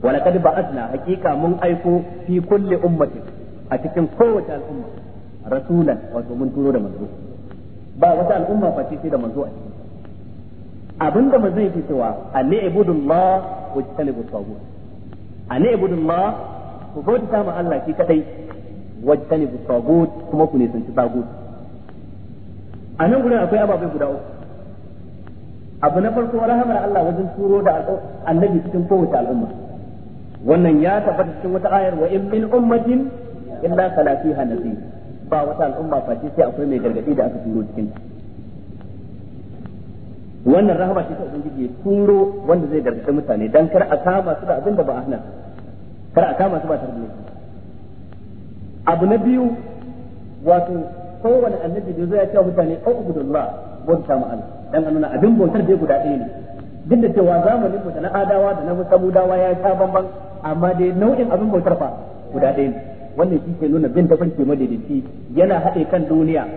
wa laqad ba'athna hakika mun aiko fi kulli ummatin a cikin kowace al'umma rasulan wato mun turo da manzo ba wata al'umma face sai da manzo a cikin abinda manzo fi cewa ma ibudullah wa talibu tagut an ibudullah ku bauta ma Allah ki kadai wa talibu tagut kuma ku ne sun ci tagut a nan gudun akwai ababai guda uku abu na farko rahamar Allah wajen turo da annabi cikin kowace al'umma wannan ya tabbata cikin wata ayar wa in min ummatin illa salafiha fiha ba wata al'umma face sai akwai mai gargadi da aka turo cikin ta wannan rahama shi ta ubangiji ya turo wanda zai gargaɗi mutane dan kar a kama su da abin da ba a hana kar a kama su ba tare da laifi abu na biyu wato kowane annabi da zai ya ce mutane ubudullah bauta ma Allah dan annuna abin bautar da guda ɗaya ne duk da cewa zamanin mu da na adawa da na musamudawa ya sha bamban amma dai nau'in abin bautar fa guda ɗaya ne wannan shi ke nuna bin tafarki madaidaici yana haɗe kan duniya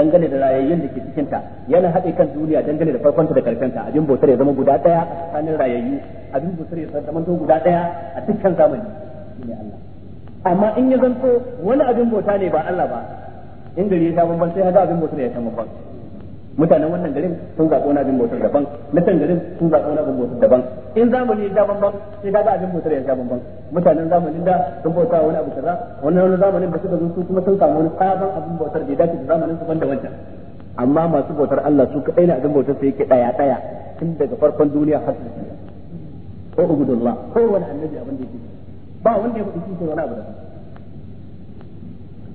dangane da rayayyun da ke cikinta yana haɗe kan duniya dangane da farkonta da karshen abin bautar ya zama guda ɗaya a tsakanin rayayyu abin bautar ya zama to guda ɗaya a dukkan zamani ne Allah amma in ya zanto wani abin bauta ne ba Allah ba in gari ya sha bambam sai haɗa abin bautar ya sha mutanen wannan garin sun zaɓi wani abin bautar daban na can garin sun zaɓi wani abin bautar daban in zamani ya bamban sai a abin bautar ya bamban mutanen zamanin da sun bauta wani abu kaza wannan wani zamanin da suka zo su kuma sun samu wani sabon abin bautar da ya dace da zamanin su banda wancan amma masu bautar Allah su kaɗai ne abin bautar su yake ɗaya ɗaya tun daga farkon duniya har su ko ubudullah ko wani annabi abin da yake ba wanda ya faɗi shi wani abu da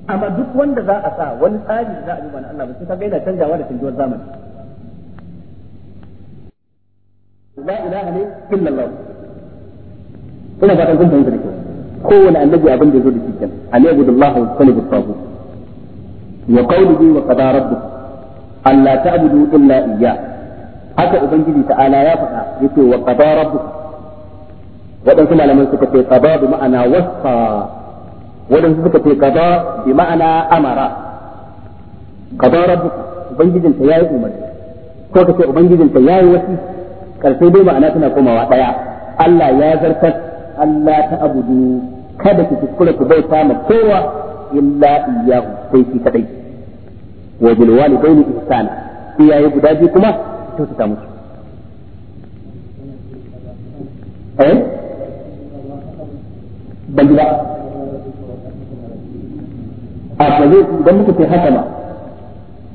amma duk wanda za a sa wani tsari da za a duba na Allah ba sai kaga yana canjawa da canjuwar zamani la ilaha illa Allah ina fatan kun fahimta da kyau kowane annabi abin da zo da cikin an yabudu Allah wa talibu tabu wa qawluhu wa qada rabbuk alla ta'budu illa iyyah haka ubangiji ta'ala ya faɗa yace wa qada rabbuk waɗansu malaman suka ce qada bi ma'ana wasfa waɗansu suka ce kaza bi ma'ana amara kaza rabbuka ta yayi umarni ko kace ta yayi wasi karshe dai ma'ana tana komawa daya Allah ya zartar Allah ta abudu kada ki kuskura ku bai ma kowa illa iyyahu sai ki kadai wa bil walidaini ihsana iyaye guda biyu kuma ta musu eh ban ba a kaze idan muka ce hasama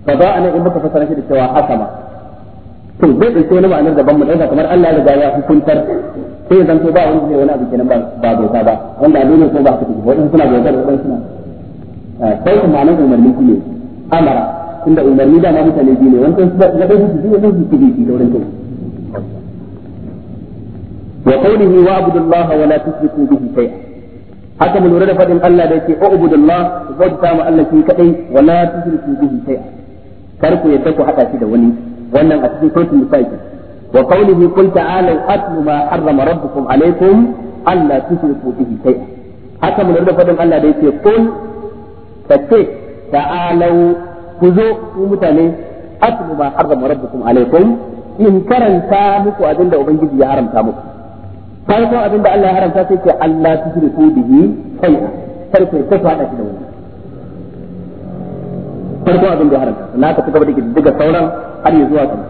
fa za a nan in muka fasara shi da cewa ma to zai dauke wani ma'anar daban mu dauka kamar Allah ya gaya ya hukuntar sai zan to ba wani zai wani abu kenan ba ba ba wanda a dole ko ba su tafi wadansu suna bautar wadansu suna sai kuma ma'anar umarni shi ne amara tunda umarni da ma mutane biyu ne wancan na ɗaya su biyu wancan su biyu da wurin kai wa qawlihi wa abudullaha wa la tushriku bihi shay'a haka mu lura da fadin Allah da yake ubudullah ku bauta ma Allah shi kadai wala tushriku bihi shay'a kar ku yadda ku hada shi da wani wannan a cikin sautin misaki wa qawlihi qul ta'alu atlu ma harrama rabbukum alaykum alla tushriku bihi shay'a haka mu lura da fadin Allah da yake qul tace ta'alu ku zo ku mutane atlu ma harrama rabbukum alaykum in karanta muku abinda ubangiji ya haramta muku farkon abin da Allah ya haramta sai ce Allah tushriku bihi shay'a kai ko fada shi da wani farkon abin da ya haramta na ka cika da diga sauran har ya zuwa kan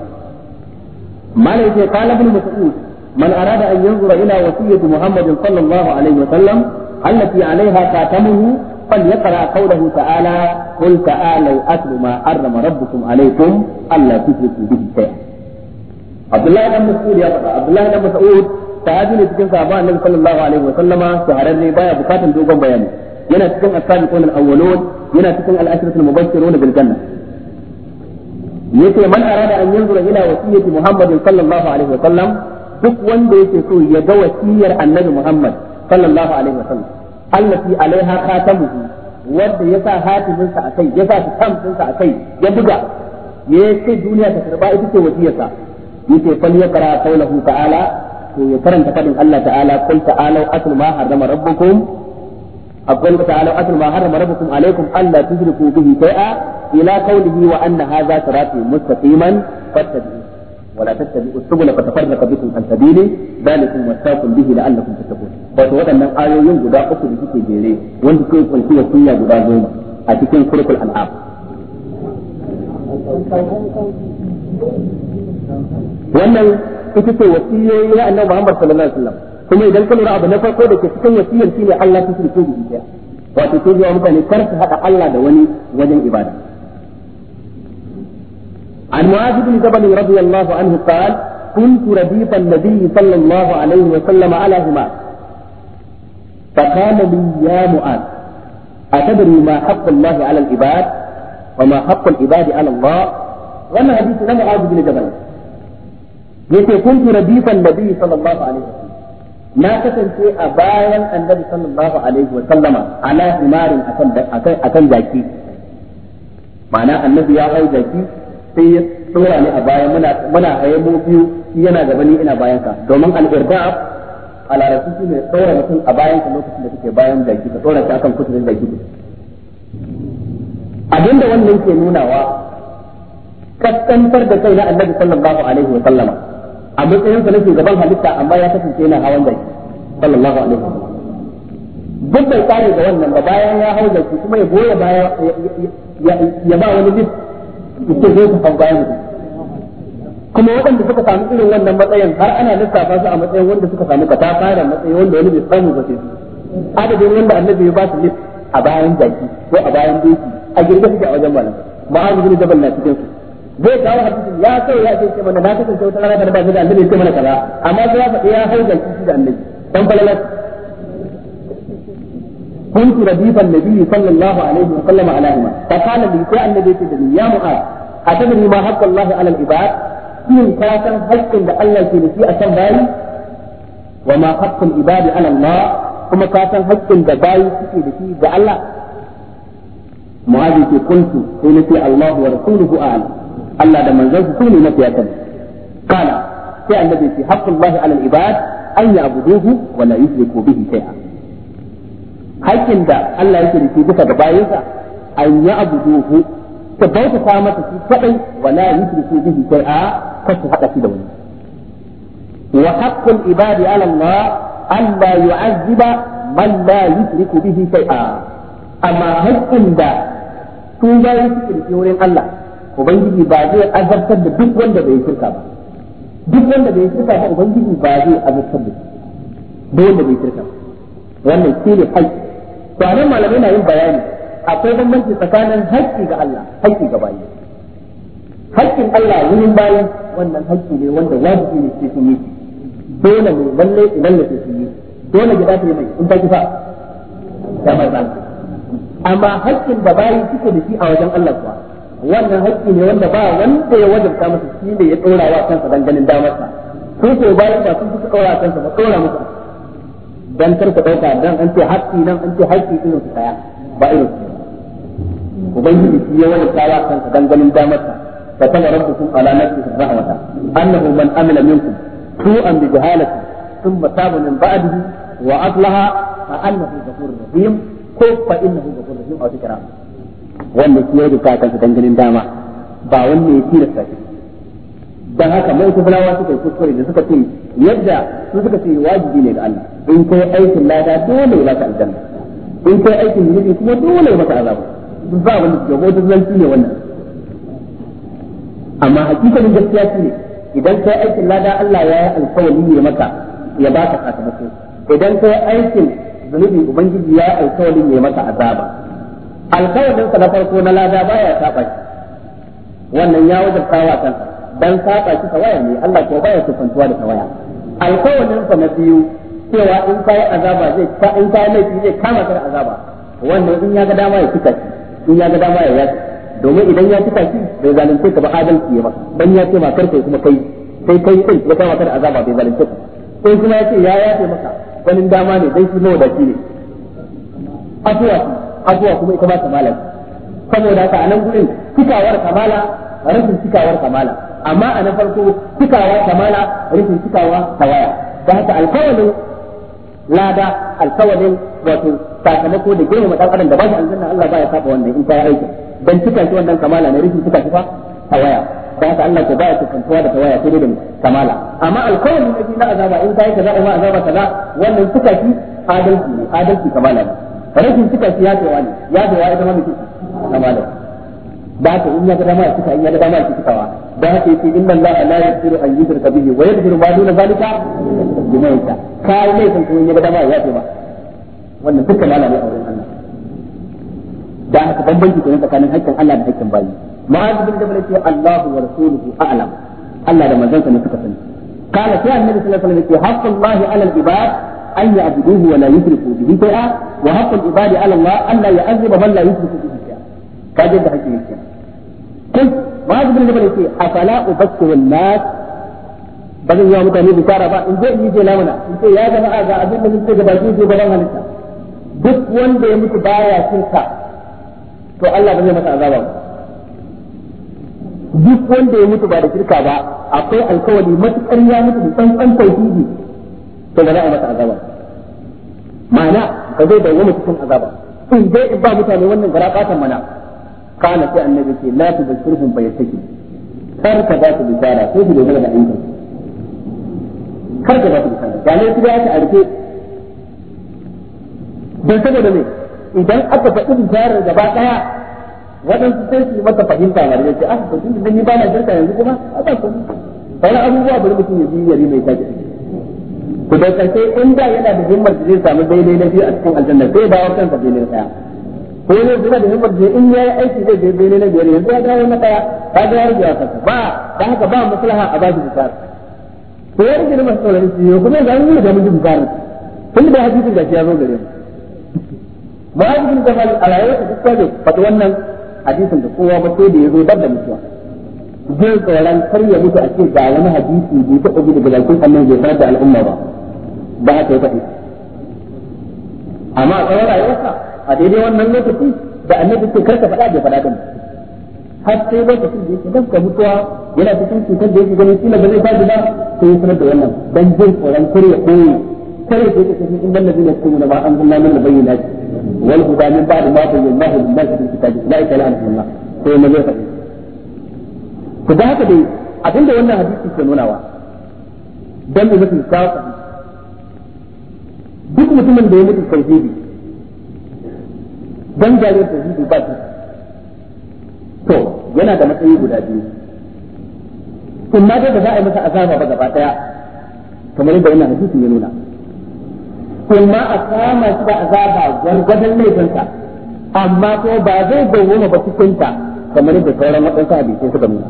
malai sai qala ibn mas'ud man arada an yanzura ila wasiyyati muhammadin sallallahu alaihi wa sallam allati alaiha khatamuhu فليقرأ قوله تعالى قل تعالوا أتل ما حرم ربكم عليكم ألا تشركوا به شيئا عبد الله بن مسعود يا عبد الله بن مسعود sahabi ne cikin sahaba annabi sallallahu alaihi wa sallama shahararre baya bukatan dogon bayani yana cikin as-sabiqun al-awwalun yana cikin al-ashrat al-mubashshirun bil janna yace man arada an yanzura ila wasiyyati muhammadin sallallahu alaihi wa sallam duk wanda yake so ya ga wasiyar annabi muhammad sallallahu alaihi wa sallam allati alaiha khatamuhu wanda ya sa hatimin sa akai ya sa sa akai ya buga ya duniya ta karba ita ce wasiyarsa yace fal yaqra qawluhu ta'ala to ya karanta fadin Allah ta'ala kul ta'alu atlu ma harrama rabbukum aqul ta'alu atlu ma harrama rabbukum alaykum alla tushriku bihi shay'a ila qawlihi wa anna hadha sirati mustaqiman fattabi'u wa la tattabi'u subula fatafarraqa bikum an sabili dhalikum wasaqum bihi la'allakum tattaqun wato waɗannan ayoyin guda uku da suke jere wanda suke kunshi da kunya guda goma a cikin kurkul al'am wannan ita ce wasiyoyi na annabi Muhammad sallallahu alaihi wasallam kuma idan ka lura abu na farko da ke cikin wasiyar shine Allah ta shirke da ita wato ko ga mutane kar su hada Allah da wani wajen ibada an mu'adh bin jabal radiyallahu anhu qala كنت رديف النبي صلى الله عليه وسلم على همار فقال لي يا معاذ أتدري ما حق الله على العباد وما حق العباد على الله وما حديث معاذ بن جبل yace kuntu rabifan nabi sallallahu alaihi wasallam na kasance a bayan annabi sallallahu alaihi wa sallama ala himarin akan akan akan jaki ma'ana annabi ya hau jaki sai ya tsora ni a bayan muna muna haye mu biyu yana gaba ni ina bayan ka domin al-irdaf a larabci shine tsora mutum a bayan ka lokacin da kake bayan jaki ka tsora shi akan kuturin jaki abinda wannan ke nunawa kaskantar da kai na annabi sallallahu alaihi wa sallama a matsayin sa nake gaban halitta amma ya kasance yana hawan zaki sallallahu alaihi wasallam duk bai tsare ga wannan ba bayan ya hau zaki kuma ya goya baya ya ba wani bis ita zai ta hau bayan kuma waɗanda suka samu irin wannan matsayin har ana lissafa su a matsayin wanda suka samu ka ta fara matsayin wanda wani bai samu ba sai adadin wanda annabi ya ba su list a bayan zaki ko a bayan doki a girgin suke a wajen malam ma'azu bin jabal na cikin su zai kawo hadisin ya kai ya ce mana na kasance wata rana da ba da annabi ce mana kaza amma sai ya faɗi ya hauka shi da annabi dan falalar كنت رديف النبي صلى الله عليه وسلم على هما فقال لي يا النبي تدري يا معاذ أتدري ما حق الله على العباد كين كاسم حق الله في نسي أسم باي وما حق العباد على الله kuma ka san haƙƙin da bayi suke da shi ga Allah mu'azi ce kuntu sai nace Allah wa rasuluhu a'lam Allah da manzon su ne mafiya kan kana sai annabi ce haqqullahi alal ibad an ya'buduhu wa la yushriku bihi shay'a haƙƙin da Allah yake da shi bisa ga bayinsa an ya'buduhu ta bauta masa shi kadai wa la yushriku bihi shay'a kar su hada shi da wani wa haqqul ibadi ala Allah an la yu'azziba man la yushriku bihi shay'a amma haƙƙin da sun bayi suke da wurin Allah ubangiji ba zai azabtar da duk wanda bai shirka ba duk wanda bai shirka ba ubangiji ba zai azabtar da duk wanda bai shirka ba wannan shi ne haƙƙi to anan malamai na yin bayani akwai bambanci tsakanin haƙƙi ga Allah haƙƙi ga bayi haƙƙin Allah wurin bayi wannan haƙƙi ne wanda wajibi ne sai sun yi dole ne lalle idan ne sun yi dole gida ta yi mai in ta kifa da ba amma haƙƙin da bayi suke da shi a wajen Allah kuwa wannan haƙƙi ne wanda ba wanda ya wajabta masa shi ne ya ɗora wa kansa dan ganin sa ko ko bayan ba su suka ɗora kansa ba ɗora masa dan kar ka ɗauka dan an ce haƙƙi dan an ce haƙƙi irin su kaya ba irin su ubangiji shi ya wajabta wa kansa dan ganin damarsa fa tala rabbukum ala nafsihi rahmata annahu man amila minkum su'an bi jahalati thumma taba min ba'dihi wa aslaha fa annahu ghafurur rahim ko fa innahu ghafurur rahim aw tikram wanda shi ya rubuta kansa dangane dama ba wanda ya tilasta shi dan haka mai kufulawa suka yi kuskure da suka ce yadda su suka ce wajibi ne ga Allah in kai aikin lada dole ya baka aljanna in kai aikin zunubi kuma dole ya baka azaba ba wani gabo da zanci ne wannan amma hakikalin gaskiya shi ne idan kai aikin lada Allah ya yi alkawari ne maka ya baka sakamako idan kai aikin zunubi ubangiji ya yi alkawari ne maka azaba alkawarin sa na farko na lada baya saba shi wannan ya wajabta wa kansa dan saba shi tawaya ne Allah ko baya kusantuwa da tawaya alkawarin sa na biyu cewa in kai azaba zai ka in kai laifi zai kama ka azaba wannan in ya ga dama ya tuka shi in ya ga dama ya yaki domin idan ya tuka shi bai zalunce ka ba adalci ba dan ya ce ma karfe kuma kai sai kai kai ya kama ka azaba bai zalunce ka sai kuma ya ce ya yafe maka ganin dama ne dai shi mawadaci ne afuwa abuwa kuma ita ba kamala saboda haka a nan gurin cikawar kamala rashin cikawar kamala amma a nan farko cikawa kamala rashin cikawa tawaya da haka alkawalin lada alkawalin wato sakamako da girmama dan adam da ba shi aljanna Allah ba ya saba wannan in ta yi aiki dan cika shi wannan kamala ne rashin cika shi fa tawaya da haka Allah ko baya ya kantuwa da tawaya sai dai da kamala amma alkawalin da na azaba in ta yi kaza ma azaba kaza wannan cika shi adalci adalci kamala ne rashin suka shi ya tsawa ne ya tsawa ita ma mutum na malam ba ta in ya ga dama suka in ya ga dama ya suka wa da haka yake inna Allah la yaghfiru an yushraka bihi wa yaghfiru ma duna zalika liman yasha kai ne san in ya ga dama ya tsawa wannan dukkan malami a wurin Allah da haka bambanci kenan tsakanin haƙƙin Allah da haƙƙin bayi ma'azu bin jabal yace Allahu wa rasuluhu a'lam Allah da manzon sa ne suka sani قال في النبي صلى الله عليه وسلم حق الله على العباد أن يعبدوه ولا يشركوا به شيئا وحق العباد على الله أن لا يعذب من لا يشرك به شيئا كاجد حكيم الشيخ قلت معاذ بن جبل يقول أفلا أبشر الناس bazan yi wa mutane bishara ba in zai yi je lamuna in ce ya jama'a ga abin da muke gaba ki je gaban halitta duk wanda ya mutu baya shirka to Allah ba zai masa azaba duk wanda ya mutu ba da shirka ba akwai alkawari matukar ya mutu da tsantsan tauhidi to da za a yi azaba ma'ana ba zai dawwama cikin azaba in dai in ba mutane wannan garabatan mana kana sai annabi ce la tubshirhum bi yasaki kar ka ba su bishara sai su dogara da ayyukan kar ka ba su bishara ya ne su da ta arke dan saboda ne idan aka faɗi bisharar gaba daya waɗansu sai su masa fahimta ba da ce ah ba tun ni ba na shirka yanzu kuma a ba su sauran abubuwa bari mutum ya ji yari mai kaji ku da karshe in da yana da himmar da zai samu daidai na biyu a cikin aljanna sai dawo kansa daidai na daya ko ne yana da himmar da in yayi aiki zai daidai na biyar yanzu ya dawo na daya ka da yarda ya kansa ba dan haka ba maslaha a bashi da bisar ko ya rike masu saurari shi ko ne ga mun da mun ji bisar tun da hadisin da ya zo gare mu ba hadisin da fal alayhi da kuka ne fata wannan hadisin da kowa ba sai da yazo zo dab da mutuwa zai tsoron kar ya mutu a ce ga wani hadisi bai taɓa gudu daga bakin annabi bai da al'umma ba ba ta yi faɗi amma a tsawon rayuwarsa a daidai wannan lokaci da annabi ce karka faɗa bai faɗa din har sai lokacin da yake dafka mutuwa yana cikin cutar da yake ganin kila ba zai faɗi ba sai ya sanar da wannan dan jin tsoron kar ya ɓoye kar ya ke ka tafi inda na zina cikin ba an zama mana bayyana shi wani guda min ba'd mafi yin mafi yin nas fil kitabi la ilaha illa ta sai ma zai faɗi to da haka dai abinda wannan hadisi ke nunawa dan da zai kafa duk mutumin da ya mutu tauhidi dan jarin tauhidi ba shi to yana da matsayi guda biyu in ma dai za a yi masa azaba ba gaba daya kamar yadda wannan hadisi ya nuna in ma a kama shi da azaba gwargwadon laifinsa amma ko ba zai bayyana ba ta kamar yadda sauran waɗansu hadisai suka nuna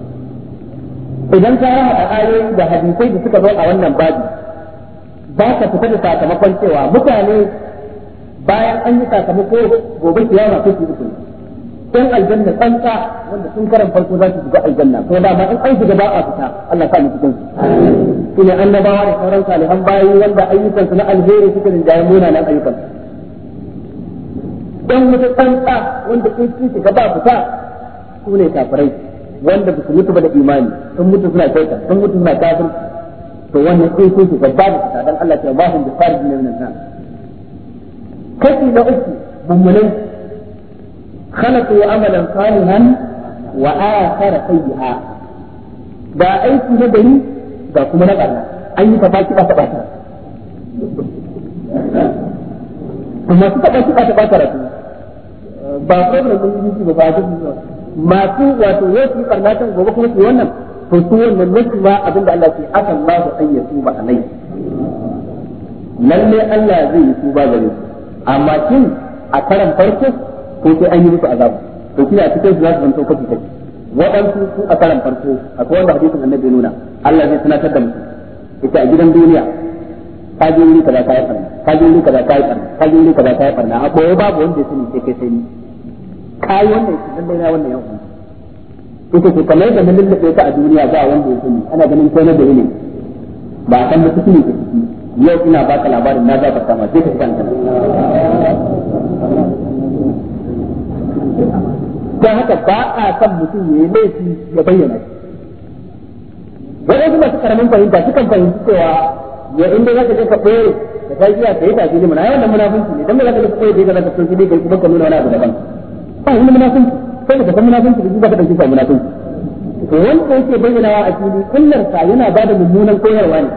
idan ka rama a ayoyi da hadisai da suka zo a wannan babi ba ka fita da sakamakon cewa mutane bayan an yi sakamako gobe kiyama ko su yi dan aljanna tsantsa wanda sun karan farko za su shiga aljanna ko da ma in an shiga ba a fita Allah ka sa mu cikin su ne annabawa da sauran salihan bayi wanda ayyukan su na alheri suka rinjaye munanan ayyukan dan wata tsantsa wanda sun shiga ba fita su ne kafirai wanda ba su mutu ba da imani sun mutu suna kyauta sun mutu suna kafir to wannan sai sai ga babu ta dan Allah ya ba wahum bi farj min nan kashi da uku mummunan khalaqu amalan salihan wa akhara sayyi'a da aiki na gari ga kuma na barna an yi tafaki ba ta kuma su taba shi ba ta bata rafi ba problem din yi ba ba masu wato yau su yi barna gobe kuma su wannan to su wannan nasu ma abinda Allah ke aka Allah an ya tuba a alai lalle Allah zai yi tuba gare su amma kin a karan farko ko sai an yi musu azabu to kina cikin su za su zanto kafi kafi waɗansu su a karan farko akwai wanda hadisin annabi nuna Allah zai tunatar da mutum ita a gidan duniya ka je wuri kaza ka yi barna ka je wuri kaza ka yi barna ka je wuri kaza ka yi barna a koyo babu wanda ya sani sai kai sai ni ka yi wannan shi dan na wannan yan ita ce kamar yadda mun lullube ta a duniya ba wanda ya sani ana ganin kai na gari ne ba a san da suke ne yau ina baka labarin na za ka sama sai ka san kana haka ba a san mutum ya yi laifi ya bayyana shi wani kuma su karamin fahimta sukan fahimci cewa ya inda za ka je ka koyar da ta giya ka yi tafi ne muna yawan da munafunci ne dan ba za ka je ka koyar da ya ka za ka soke ne ka yi kuma ka nuna wani abu daban ba wani munafunci sai da san munafinci da ka dauki sa munafinci to wanda yake bayyanawa a fili kullar sa yana ba da mummunan koyarwa ne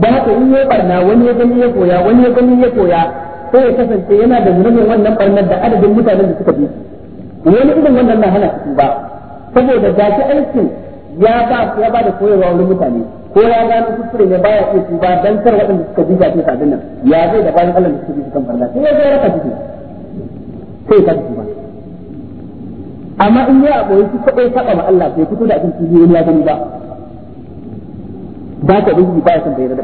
ba haka in ya barna wani ya gani ya koya wani ya gani ya koya sai ya kasance yana da zunubin wannan barnar da adadin mutanen da suka bi wani irin wannan na hana su ba saboda da ta aikin ya ba ya ba da koyarwa wani mutane ko ya gano kuskure ne baya su ba dan kar waɗanda suka bi ta ta nan ya zai da bayan Allah da suka bi su kan barna sai ya ga raka su sai ka amma in ya boye shi kadai saba ma Allah bai fito da abin cikin wani ya gani ba ba ka bin ba ya san bai da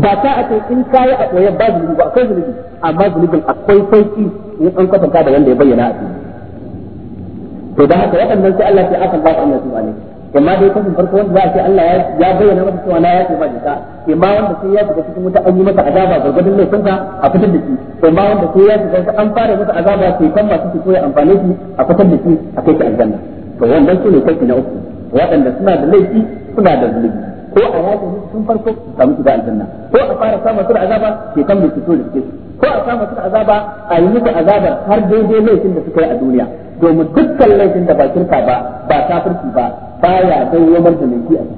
ba ta a kai in kai a koyar ba zunubi ba akwai zunubi amma zunubin akwai sauki in an ka da wanda ya bayyana a cikin to da haka waɗannan sai Allah ya aka ba su Allah su ne amma dai kafin farko wanda za a ce Allah ya bayyana masa cewa na ya ce ba jita imma wanda sai ya shiga cikin wuta an yi masa azaba gargadin laifin ka a fitar da shi imma wanda sai ya shiga an fara masa azaba sai kan masu su koya amfani shi a fitar da shi a kai shi aljanna to wannan su ne kai na uku waɗanda suna da laifi suna da zulubi ko a yaƙi sun farko samu shiga aljanna ko a fara samun su azaba sai kan mai fito da suke ko a samu su azaba a yi musu azabar har daidai laifin da suka yi a duniya domin dukkan laifin da ba kirka ba ba kafirci ba baya dawwamar da laifi a cikin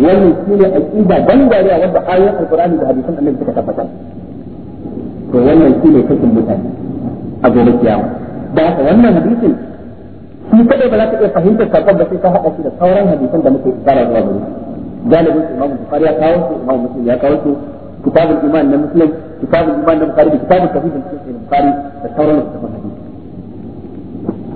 wannan shine aqida ban dariya wanda ayoyin alqur'ani da hadisan annabi suka tabbatar to wannan shine kashin mutane a gobe kiyama da haka wannan hadisin shi kadai ba za ka iya fahimtar sakon ba sai ka haɗa shi da sauran hadisan da muke tsara zuwa gari galibin imamu bukhari ya kawo su imamu muslim ya kawo su kitabul iman na muslim kitabul iman na bukhari da kitabul tafsir da cikin bukhari da sauran littafan hadisi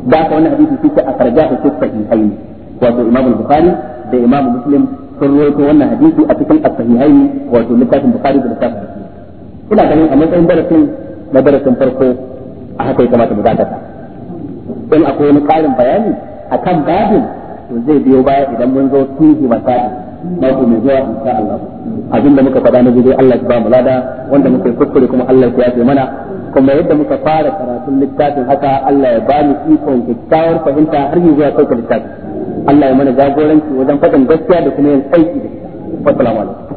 da haka wannan hadisi shi ke a karjahu fi sahihaini wato imamu bukhari da imamu muslim sun rawaito wannan hadisi a cikin as-sahihaini wato littafin bukari da littafin muslim ina ganin a matsayin darasin na darasin farko a haka ya kamata mu dakata in akwai wani ƙarin bayani akan babin to zai biyo baya idan mun zo tuhi masali mako mai zuwa insha Allah abinda muka faɗa na gudu Allah ya ba mu lada wanda muka yi kuskure kuma Allah ya yafe mana kuma yadda muka fara karatun littafin haka Allah ya ba mu ikon kyakkyawar fahimta har yanzu ya sauka littafin Allah ya mana jagoranci wajen faɗin gaskiya da kuma yin aiki da ita assalamu alaikum